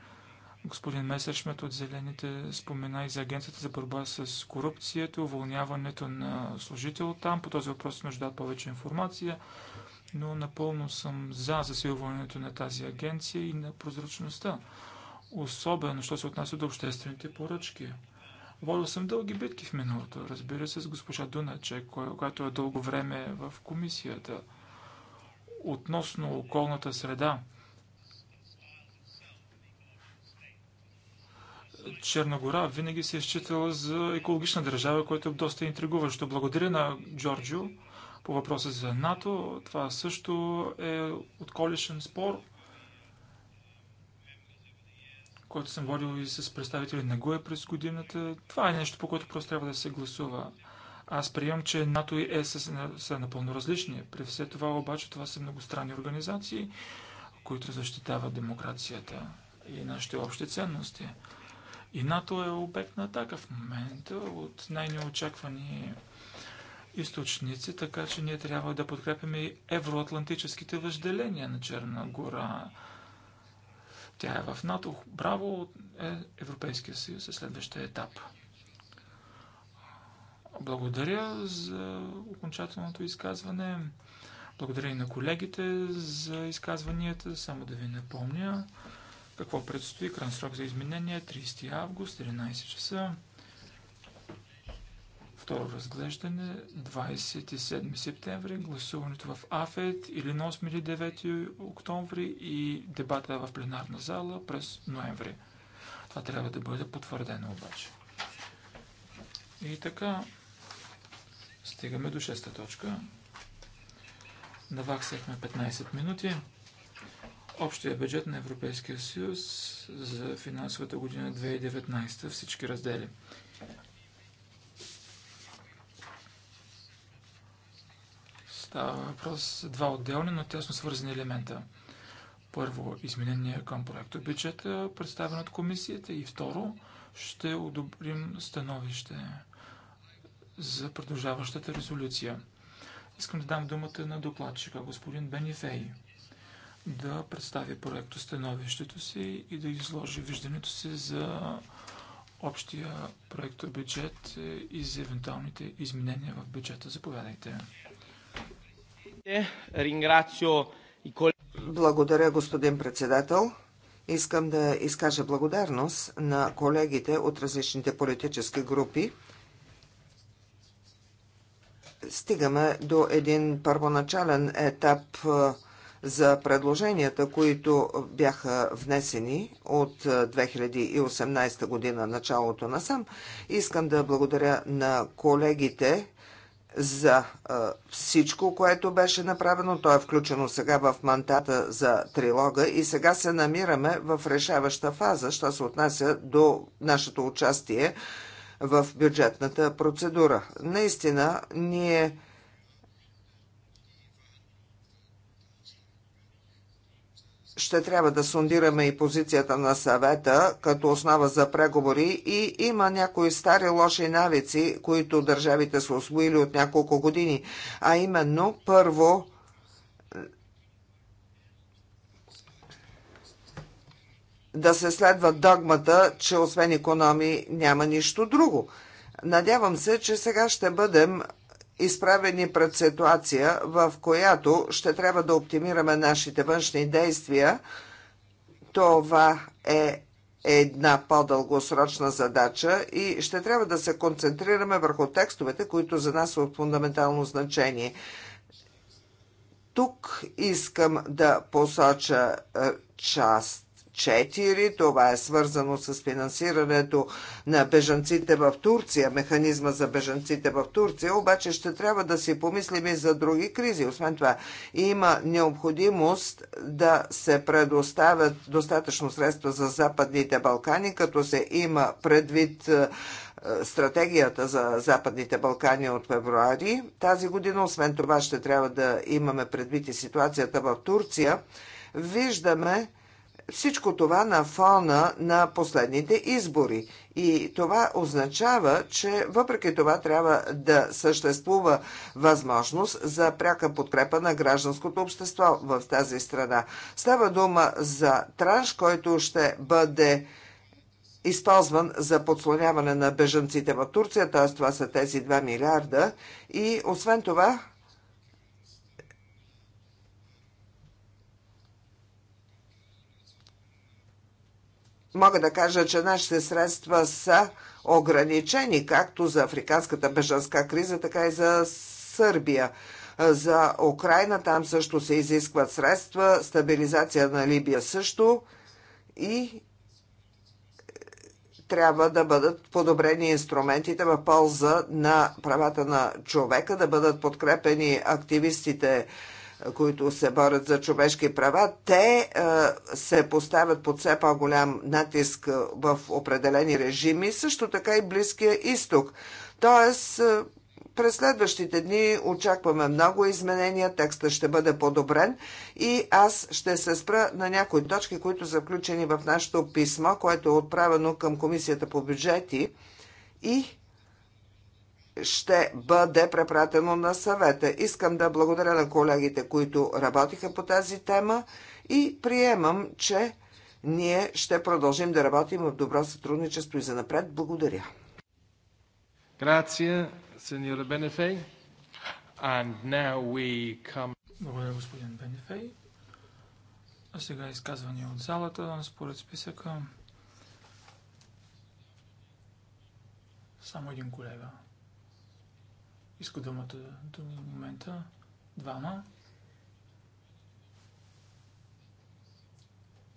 Господин Месершмет от Зелените спомена и за Агенцията за борба с корупцията, уволняването на служител там. По този въпрос се нуждаят повече информация, но напълно съм за засилването на тази агенция и на прозрачността. Особено, що се отнася до обществените поръчки. Водил съм дълги битки в миналото, разбира се, с госпожа Дуначе, която е дълго време в комисията, относно околната среда. Черногора винаги се е считала за екологична държава, която е доста интригуващо. Благодаря на Джорджио по въпроса за НАТО. Това също е отколешен спор който съм водил и с представители на ГУЕ през годината. Това е нещо, по което просто трябва да се гласува. Аз приемам, че НАТО и ЕС са напълно различни. При все това обаче това са многостранни организации, които защитават демокрацията и нашите общи ценности. И НАТО е обект на атака в момента от най-неочаквани източници, така че ние трябва да подкрепим и евроатлантическите въжделения на Черна гора. Тя е в НАТО. Браво е Европейския съюз е следващия етап. Благодаря за окончателното изказване. Благодаря и на колегите за изказванията. Само да ви напомня какво предстои. Кран срок за изменение 30 е август, 11 часа второ разглеждане 27 септември, гласуването в АФЕД или на 8 или 9 октомври и дебата в пленарна зала през ноември. Това трябва да бъде потвърдено обаче. И така, стигаме до 6 точка. Наваксахме 15 минути. Общия бюджет на Европейския съюз за финансовата година 2019. Всички раздели. Става въпрос за два отделни, но тясно свързани елемента. Първо, изменение към проекто бюджета, представен от комисията и второ, ще одобрим становище за продължаващата резолюция. Искам да дам думата на докладчика, господин Бенифей, да представи проекто становището си и да изложи виждането си за общия проекто бюджет и за евентуалните изменения в бюджета. Заповядайте. Благодаря, господин председател. Искам да изкажа благодарност на колегите от различните политически групи. Стигаме до един първоначален етап за предложенията, които бяха внесени от 2018 година началото насам. Искам да благодаря на колегите, за а, всичко, което беше направено. То е включено сега в мантата за трилога и сега се намираме в решаваща фаза, що се отнася до нашето участие в бюджетната процедура. Наистина, ние ще трябва да сондираме и позицията на съвета като основа за преговори и има някои стари лоши навици, които държавите са освоили от няколко години, а именно първо да се следва догмата, че освен економии няма нищо друго. Надявам се, че сега ще бъдем изправени пред ситуация, в която ще трябва да оптимираме нашите външни действия. Това е една по-дългосрочна задача и ще трябва да се концентрираме върху текстовете, които за нас са от фундаментално значение. Тук искам да посоча е, част 4. Това е свързано с финансирането на бежанците в Турция, механизма за бежанците в Турция, обаче ще трябва да си помислим и за други кризи. Освен това, има необходимост да се предоставят достатъчно средства за Западните Балкани, като се има предвид е, стратегията за Западните Балкани от февруари тази година. Освен това ще трябва да имаме предвид и ситуацията в Турция. Виждаме, всичко това на фона на последните избори. И това означава, че въпреки това трябва да съществува възможност за пряка подкрепа на гражданското общество в тази страна. Става дума за транш, който ще бъде използван за подслоняване на бежанците в Турция, т.е. това са тези 2 милиарда. И освен това, мога да кажа, че нашите средства са ограничени, както за африканската бежанска криза, така и за Сърбия. За Украина там също се изискват средства, стабилизация на Либия също и трябва да бъдат подобрени инструментите в полза на правата на човека, да бъдат подкрепени активистите които се борят за човешки права, те е, се поставят под все по-голям натиск в определени режими, също така и Близкия изток. Тоест, е, през следващите дни очакваме много изменения, текста ще бъде подобрен и аз ще се спра на някои точки, които са включени в нашето писмо, което е отправено към Комисията по бюджети и ще бъде препратено на съвета. Искам да благодаря на колегите, които работиха по тази тема и приемам, че ние ще продължим да работим в добро сътрудничество и занапред. Благодаря. Грация, сеньора Бенефей. And now we come... Благодаря, господин Бенефей. А сега изказване от залата, според списъка. Само един колега. Иска думата до момента. Двама.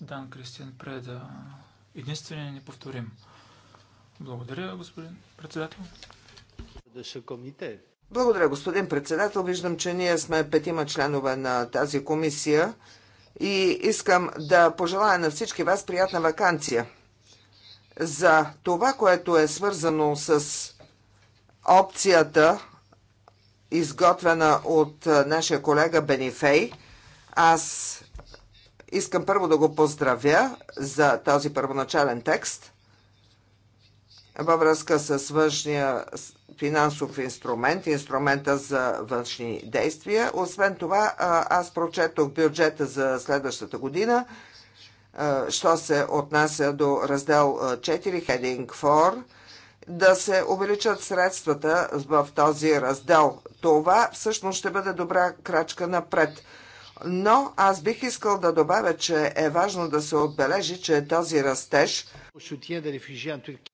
Дан Кристиан Преда. единствения неповторим. Благодаря, господин председател. Благодаря, господин председател. Виждам, че ние сме петима членове на тази комисия и искам да пожелая на всички вас приятна вакансия. За това, което е свързано с опцията изготвена от нашия колега Бенифей. Аз искам първо да го поздравя за този първоначален текст във връзка с външния финансов инструмент, инструмента за външни действия. Освен това, аз прочетох бюджета за следващата година, що се отнася до раздел 4, Heading 4, да се увеличат средствата в този раздел. Това всъщност ще бъде добра крачка напред. Но аз бих искал да добавя, че е важно да се отбележи, че този растеж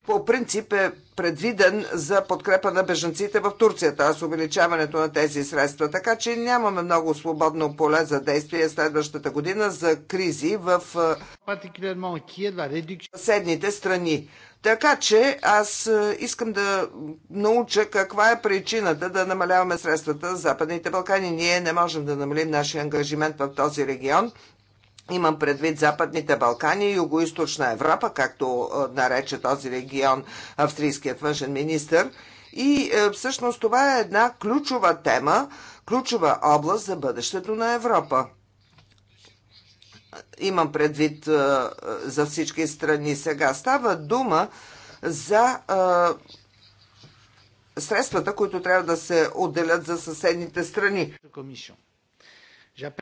по принцип е предвиден за подкрепа на бежанците в Турция, т.е. увеличаването на тези средства. Така че нямаме много свободно поле за действие следващата година за кризи в съседните страни. Така че аз е, искам да науча каква е причината да намаляваме средствата за Западните Балкани. Ние не можем да намалим нашия ангажимент в този регион. Имам предвид Западните Балкани и Юго-Источна Европа, както е, нарече този регион австрийският външен министр. И е, всъщност това е една ключова тема, ключова област за бъдещето на Европа имам предвид за всички страни сега, става дума за средствата, които трябва да се отделят за съседните страни. Комисия.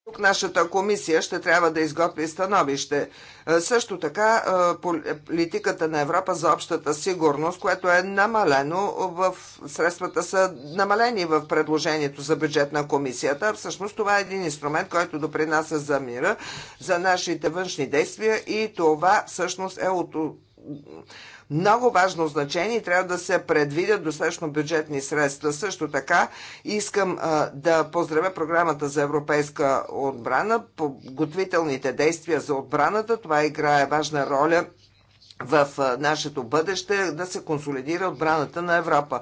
Тук нашата комисия ще трябва да изготви становище. Е, също така е, политиката на Европа за общата сигурност, което е намалено в средствата са намалени в предложението за бюджет на комисията. Всъщност това е един инструмент, който допринася за мира, за нашите външни действия и това всъщност е от много важно значение и трябва да се предвидят достатъчно бюджетни средства. Също така искам а, да поздравя програмата за европейска отбрана, подготвителните действия за отбраната. Това играе важна роля в нашето бъдеще да се консолидира отбраната на Европа.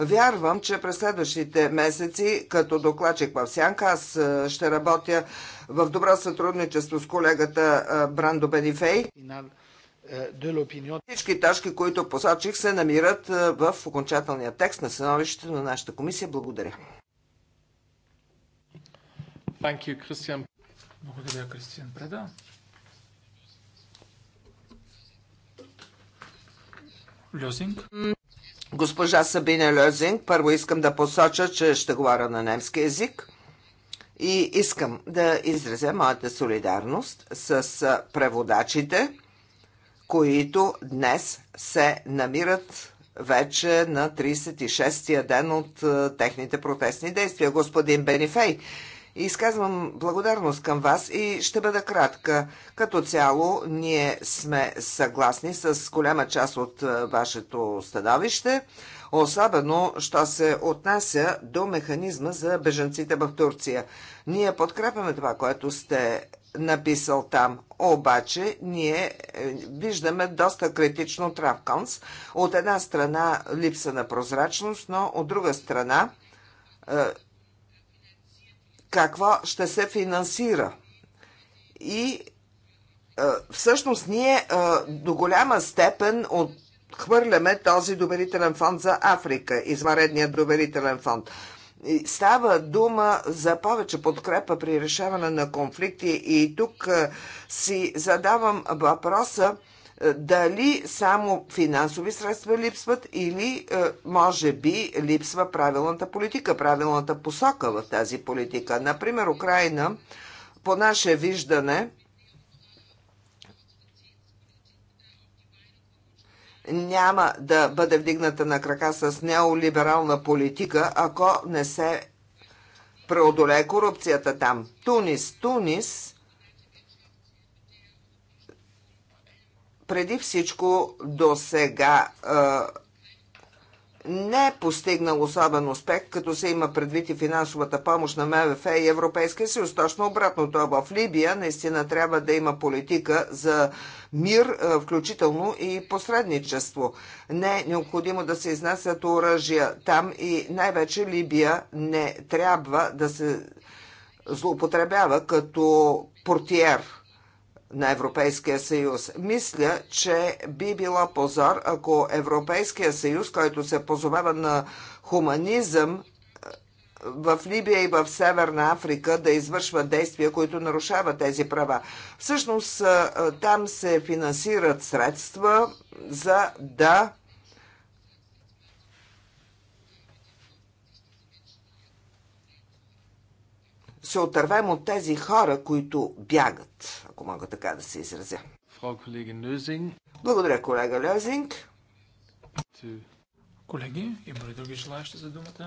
Вярвам, че през следващите месеци, като докладчик в Сянка, аз ще работя в добро сътрудничество с колегата Брандо Бенифей. Е, Всички точки, които посочих, се намират е, в окончателния текст на становището на нашата комисия. Благодаря. You, Благодаря, Кристиан Преда. Лозинг. Госпожа Сабина Лозинг, първо искам да посоча, че ще говоря на немски язик. И искам да изразя моята солидарност с е, преводачите които днес се намират вече на 36-я ден от е, техните протестни действия. Господин Бенифей, изказвам благодарност към вас и ще бъда кратка. Като цяло, ние сме съгласни с голяма част от е, вашето становище, особено, що се отнася до механизма за беженците в Турция. Ние подкрепяме това, което сте написал там. Обаче ние е, виждаме доста критично Травконс. От една страна липса на прозрачност, но от друга страна е, какво ще се финансира. И е, всъщност ние до голяма степен от хвърляме този доверителен фонд за Африка, измаредният доверителен фонд. Става дума за повече подкрепа при решаване на конфликти и тук е, си задавам въпроса е, дали само финансови средства липсват или е, може би липсва правилната политика, правилната посока в тази политика. Например, Украина по наше виждане – няма да бъде вдигната на крака с неолиберална политика, ако не се преодолее корупцията там. Тунис, Тунис преди всичко до сега не е постигнал особен успех, като се има предвид и финансовата помощ на МВФ и Европейския съюз. Точно обратното, в Либия наистина трябва да има политика за мир, е, включително и посредничество. Не е необходимо да се изнасят оръжия там и най-вече Либия не трябва да се злоупотребява като портиер на Европейския съюз. Мисля, че би било позор, ако Европейския съюз, който се позовава на хуманизъм, е, в Либия и в Северна Африка да извършва действия, които нарушават тези права. Всъщност е, е, там се финансират средства за да се отървем от тези хора, които бягат, ако мога така да се изразя. Благодаря, колега Лезинг. Колеги, има ли други желаящи за думата?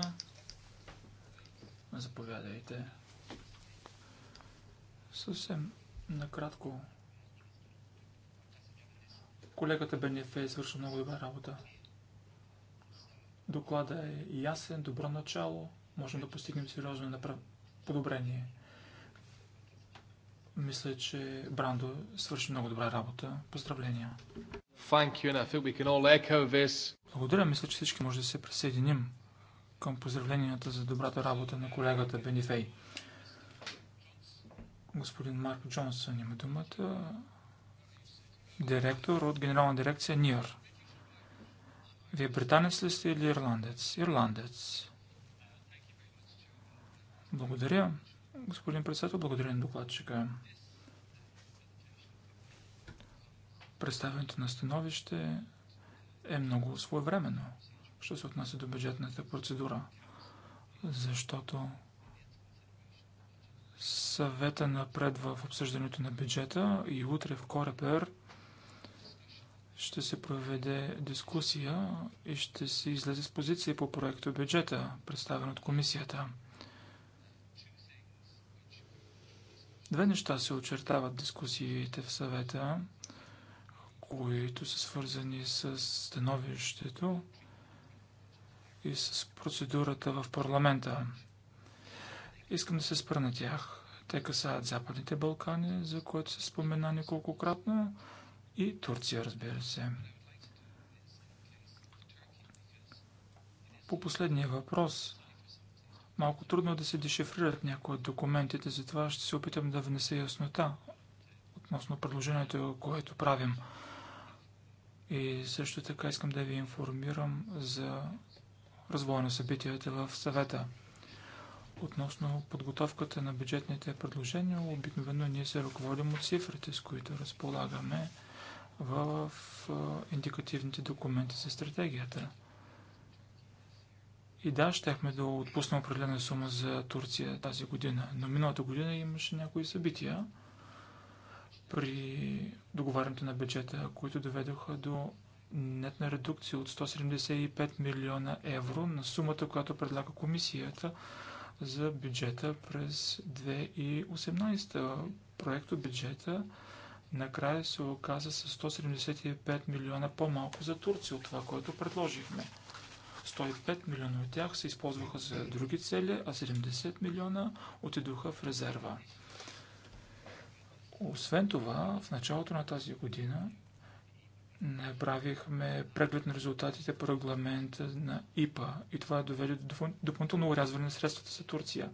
Заповядайте. Съвсем накратко. Колегата Бенефе е свършил много добра работа. Докладът е ясен, добро начало. Можем да постигнем сериозно напред подобрение. Мисля, че Брандо свърши много добра работа. Поздравления! Благодаря, мисля, че всички може да се присъединим към поздравленията за добрата работа на колегата Бенифей. Господин Марк Джонсън има думата. Директор от Генерална дирекция НИР. Вие британец ли сте или ирландец? Ирландец. Благодаря, господин председател. Благодаря на докладчика. Представянето на становище е много своевременно, що се отнася до бюджетната процедура, защото съвета напред в обсъждането на бюджета и утре в Корепер ще се проведе дискусия и ще се излезе с позиция по проекто бюджета, представен от комисията. Две неща се очертават дискусиите в съвета, които са свързани с становището и с процедурата в парламента. Искам да се спра на тях. Те касаят Западните Балкани, за което се спомена неколкократно, и Турция, разбира се. По последния въпрос Малко трудно да се дешифрират някои от документите, затова ще се опитам да внеса яснота относно предложението, което правим. И също така искам да ви информирам за развоя на събитията в съвета. Относно подготовката на бюджетните предложения, обикновено ние се ръководим от цифрите, с които разполагаме в индикативните документи за стратегията. И да, щяхме да отпуснем определена сума за Турция тази година. Но миналата година имаше някои събития при договарянето на бюджета, които доведоха до нетна редукция от 175 милиона евро на сумата, която предлага комисията за бюджета през 2018. Проекто бюджета накрая се оказа с 175 милиона по-малко за Турция от това, което предложихме. 105 милиона от тях се използваха за други цели, а 70 милиона отидоха в резерва. Освен това, в началото на тази година направихме преглед на резултатите по регламент на ИПА и това доведе до допълнително урязване на средствата за Турция.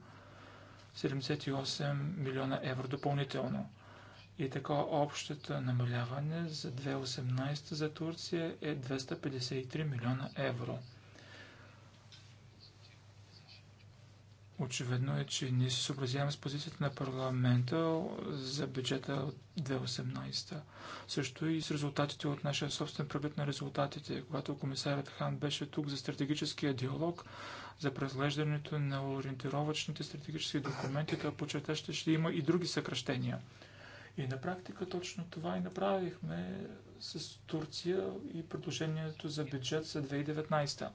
78 милиона евро допълнително. И така общото намаляване за 2018 за Турция е 253 милиона евро. Очевидно е, че ние се съобразяваме с позицията на парламента за бюджета от 2018. Също и с резултатите от нашия собствен преглед на резултатите, когато комисарят Хан беше тук за стратегическия диалог, за преглеждането на ориентировачните стратегически документи, той почета, ще, ще има и други съкръщения. И на практика точно това и направихме с Турция и предложението за бюджет за 2019.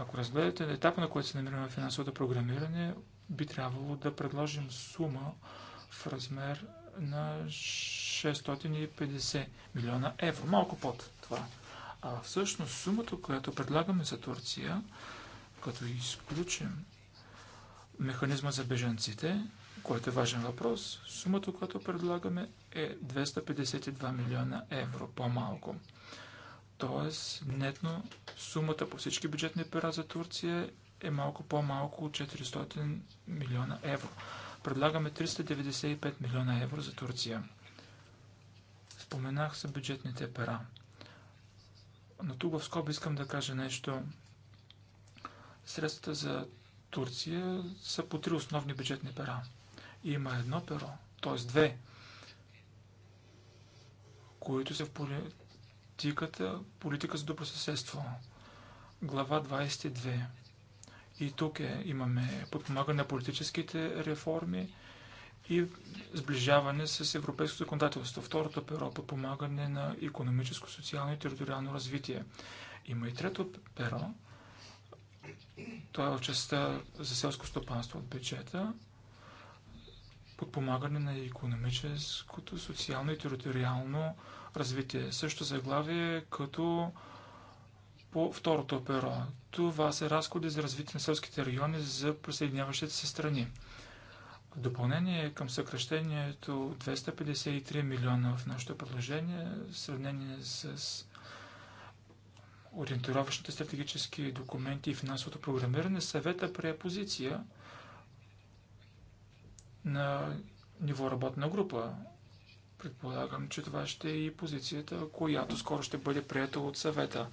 Ако разгледате на етапа, на който се намираме в финансовото програмиране, би трябвало да предложим сума в размер на 650 милиона евро, малко под това. А всъщност сумата, която предлагаме за Турция, като изключим механизма за бежанците, който е важен въпрос, сумата, която предлагаме е 252 милиона евро по-малко. Тоест, нетно сумата по всички бюджетни пера за Турция е малко по-малко от 400 милиона евро. Предлагаме 395 милиона евро за Турция. Споменах са бюджетните пера. Но тук в скоба искам да кажа нещо. Средствата за Турция са по три основни бюджетни пера. И има едно перо, т.е. две, които са в политиката, политика за добро съседство. Глава 22. И тук е, имаме подпомагане на политическите реформи и сближаване с европейското законодателство. Второто перо е – подпомагане на економическо, социално и териториално развитие. Има и трето перо. Това е от частта за селско стопанство от бюджета. Подпомагане на економическото, социално и териториално развитие развитие. Също заглавие като по второто перо. Това са разходи за развитие на селските райони за присъединяващите се страни. В допълнение към съкръщението 253 милиона в нашето предложение, в сравнение с ориентировъчните стратегически документи и финансовото програмиране, съвета прие позиция на ниво работна група Предполагам, че това ще е и позицията, която скоро ще бъде приятел от съвета.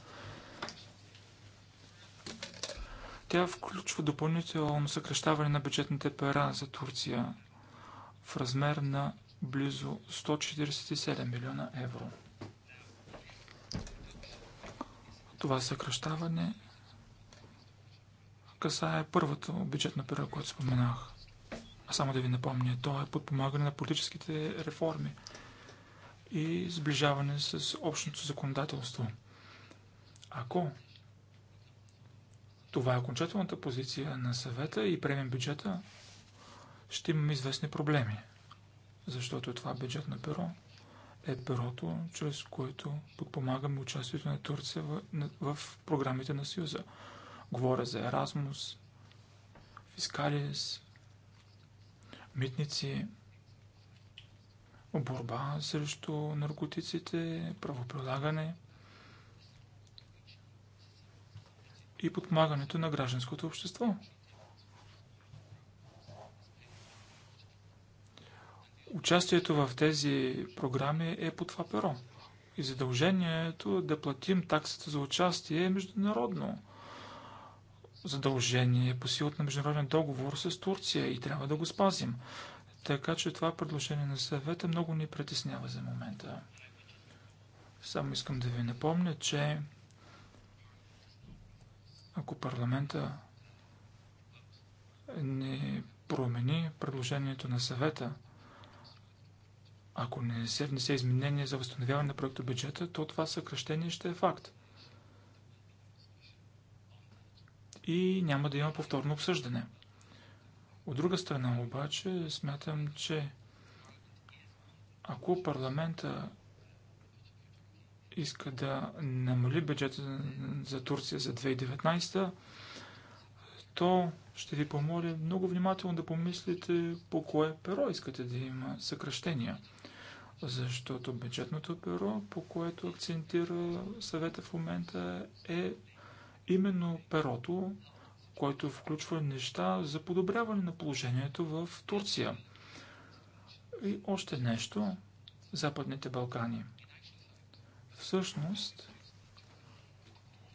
Тя включва допълнително съкрещаване на бюджетните пера за Турция в размер на близо 147 милиона евро. Това съкръщаване касае първата бюджетна пера, която споменах. А само да ви напомня, то е подпомагане на политическите реформи – и сближаване с общото законодателство. Ако това е окончателната позиция на съвета и премен бюджета, ще имаме известни проблеми, защото това бюджетно перо е перото, чрез което подпомагаме участието на Турция в, в програмите на Съюза. Говоря за Еразмус, Фискалис, Митници, борба срещу наркотиците, правоприлагане и подпомагането на гражданското общество. Участието в тези програми е по това перо. И задължението е да платим таксата за участие е международно задължение по силата на международен договор с Турция и трябва да го спазим. Така че това предложение на съвета много ни притеснява за момента. Само искам да ви напомня, че ако парламента не промени предложението на съвета, ако не се внесе изменение за възстановяване на проекта бюджета, то това съкръщение ще е факт. И няма да има повторно обсъждане. От друга страна обаче смятам, че ако парламента иска да намали бюджета за Турция за 2019, то ще ви помоля много внимателно да помислите по кое перо искате да има съкръщения. Защото бюджетното перо, по което акцентира съвета в момента, е именно перото, който включва неща за подобряване на положението в Турция. И още нещо Западните Балкани. Всъщност,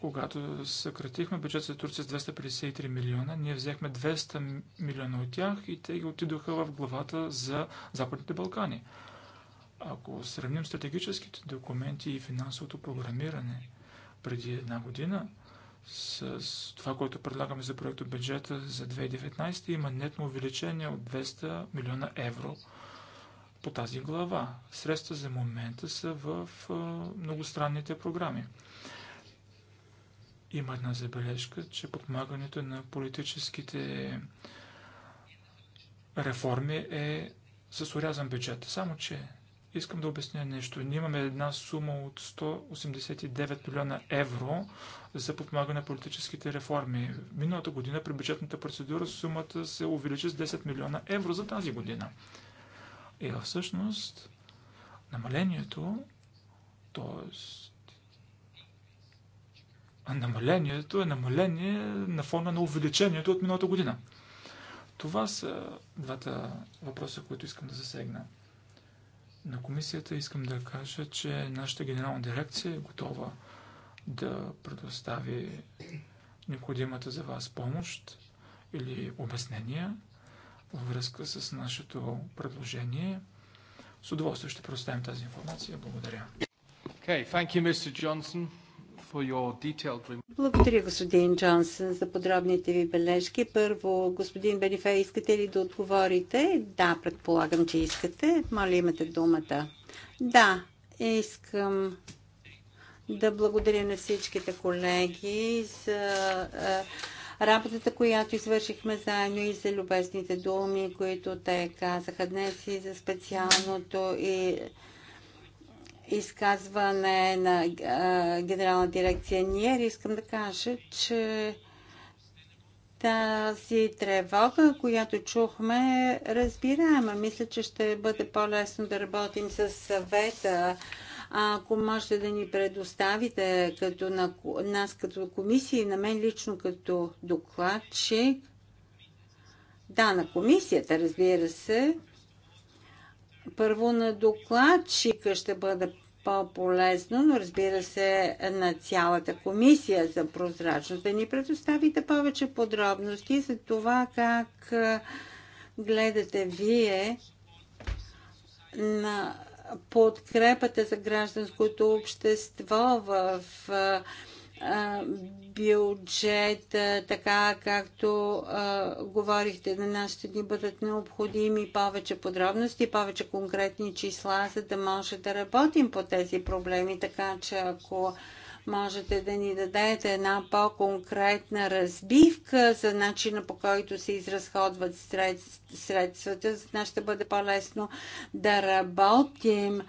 когато съкратихме бюджет за Турция с 253 милиона, ние взехме 200 милиона от тях и те ги отидоха в главата за Западните Балкани. Ако сравним стратегическите документи и финансовото програмиране преди една година, с това, което предлагаме за проект от бюджета за 2019, има нетно увеличение от 200 милиона евро по тази глава. Средства за момента са в многостранните програми. Има една забележка, че подмагането на политическите реформи е с урязан бюджет. Само, че Искам да обясня нещо. Ние имаме една сума от 189 милиона евро за подпомагане на политическите реформи. Миналата година при бюджетната процедура сумата се увеличи с 10 милиона евро за тази година. И всъщност намалението, т.е. намалението е намаление на фона на увеличението от миналата година. Това са двата въпроса, които искам да засегна на комисията искам да кажа, че нашата генерална дирекция е готова да предостави необходимата за вас помощ или обяснения във връзка с нашето предложение. С удоволствие ще предоставим тази информация. Благодаря. Okay, thank you, Mr. Johnson. Благодаря, господин Джонсън, за подробните ви бележки. Първо, господин Бенифей, искате ли да отговорите? Да, предполагам, че искате. Моля, имате думата. Да, искам да благодаря на всичките колеги за работата, която извършихме заедно и за любезните думи, които те казаха днес и за специалното и изказване на генерална дирекция Ниер, искам да кажа, че тази тревога, която чухме, разбираема. Мисля, че ще бъде по-лесно да работим с съвета. Ако можете да ни предоставите като на, нас като комисия и на мен лично като докладчик, да, на комисията, разбира се, първо на докладчика ще бъде по-полезно, но разбира се на цялата комисия за прозрачност да ни предоставите повече подробности за това как гледате вие на подкрепата за гражданското общество в Бюджет, така както говорихте, на нас ще ни бъдат необходими повече подробности, повече конкретни числа, за да може да работим по тези проблеми. Така че ако можете да ни дадете една по-конкретна разбивка за начина по който се изразходват средствата, за нас ще бъде по-лесно да работим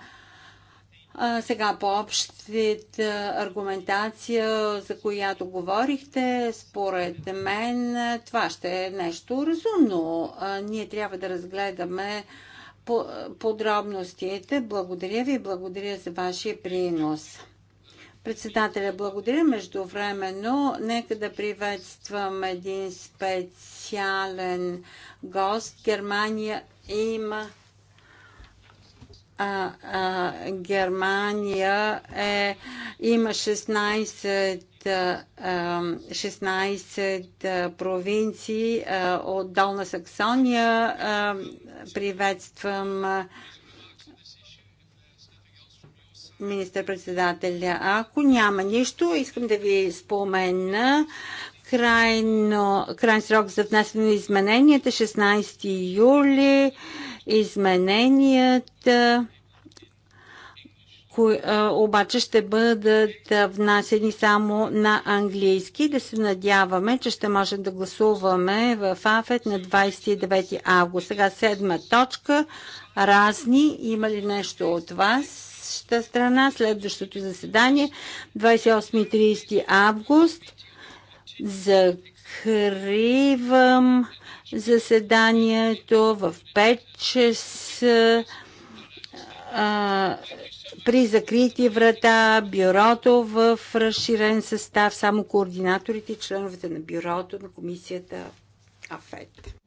сега по общата аргументация, за която говорихте, според мен това ще е нещо разумно. ние трябва да разгледаме подробностите. Благодаря ви и благодаря за вашия принос. Председателя, благодаря. Междувременно, нека да приветствам един специален гост. Германия има а, а, Германия е, има 16 16 провинции от Долна Саксония. Приветствам министър-председателя. Ако няма нищо, искам да ви спомена крайно, крайен срок за внесене на измененията е 16 юли Измененията кои, а, обаче ще бъдат внасени само на английски. Да се надяваме, че ще можем да гласуваме в АФЕТ на 29 август. Сега седма точка. Разни. Има ли нещо от вас? страна, следващото заседание 28-30 август. Закривам заседанието в 5 часа при закрити врата, бюрото в разширен състав, само координаторите и членовете на бюрото на комисията АФЕТ.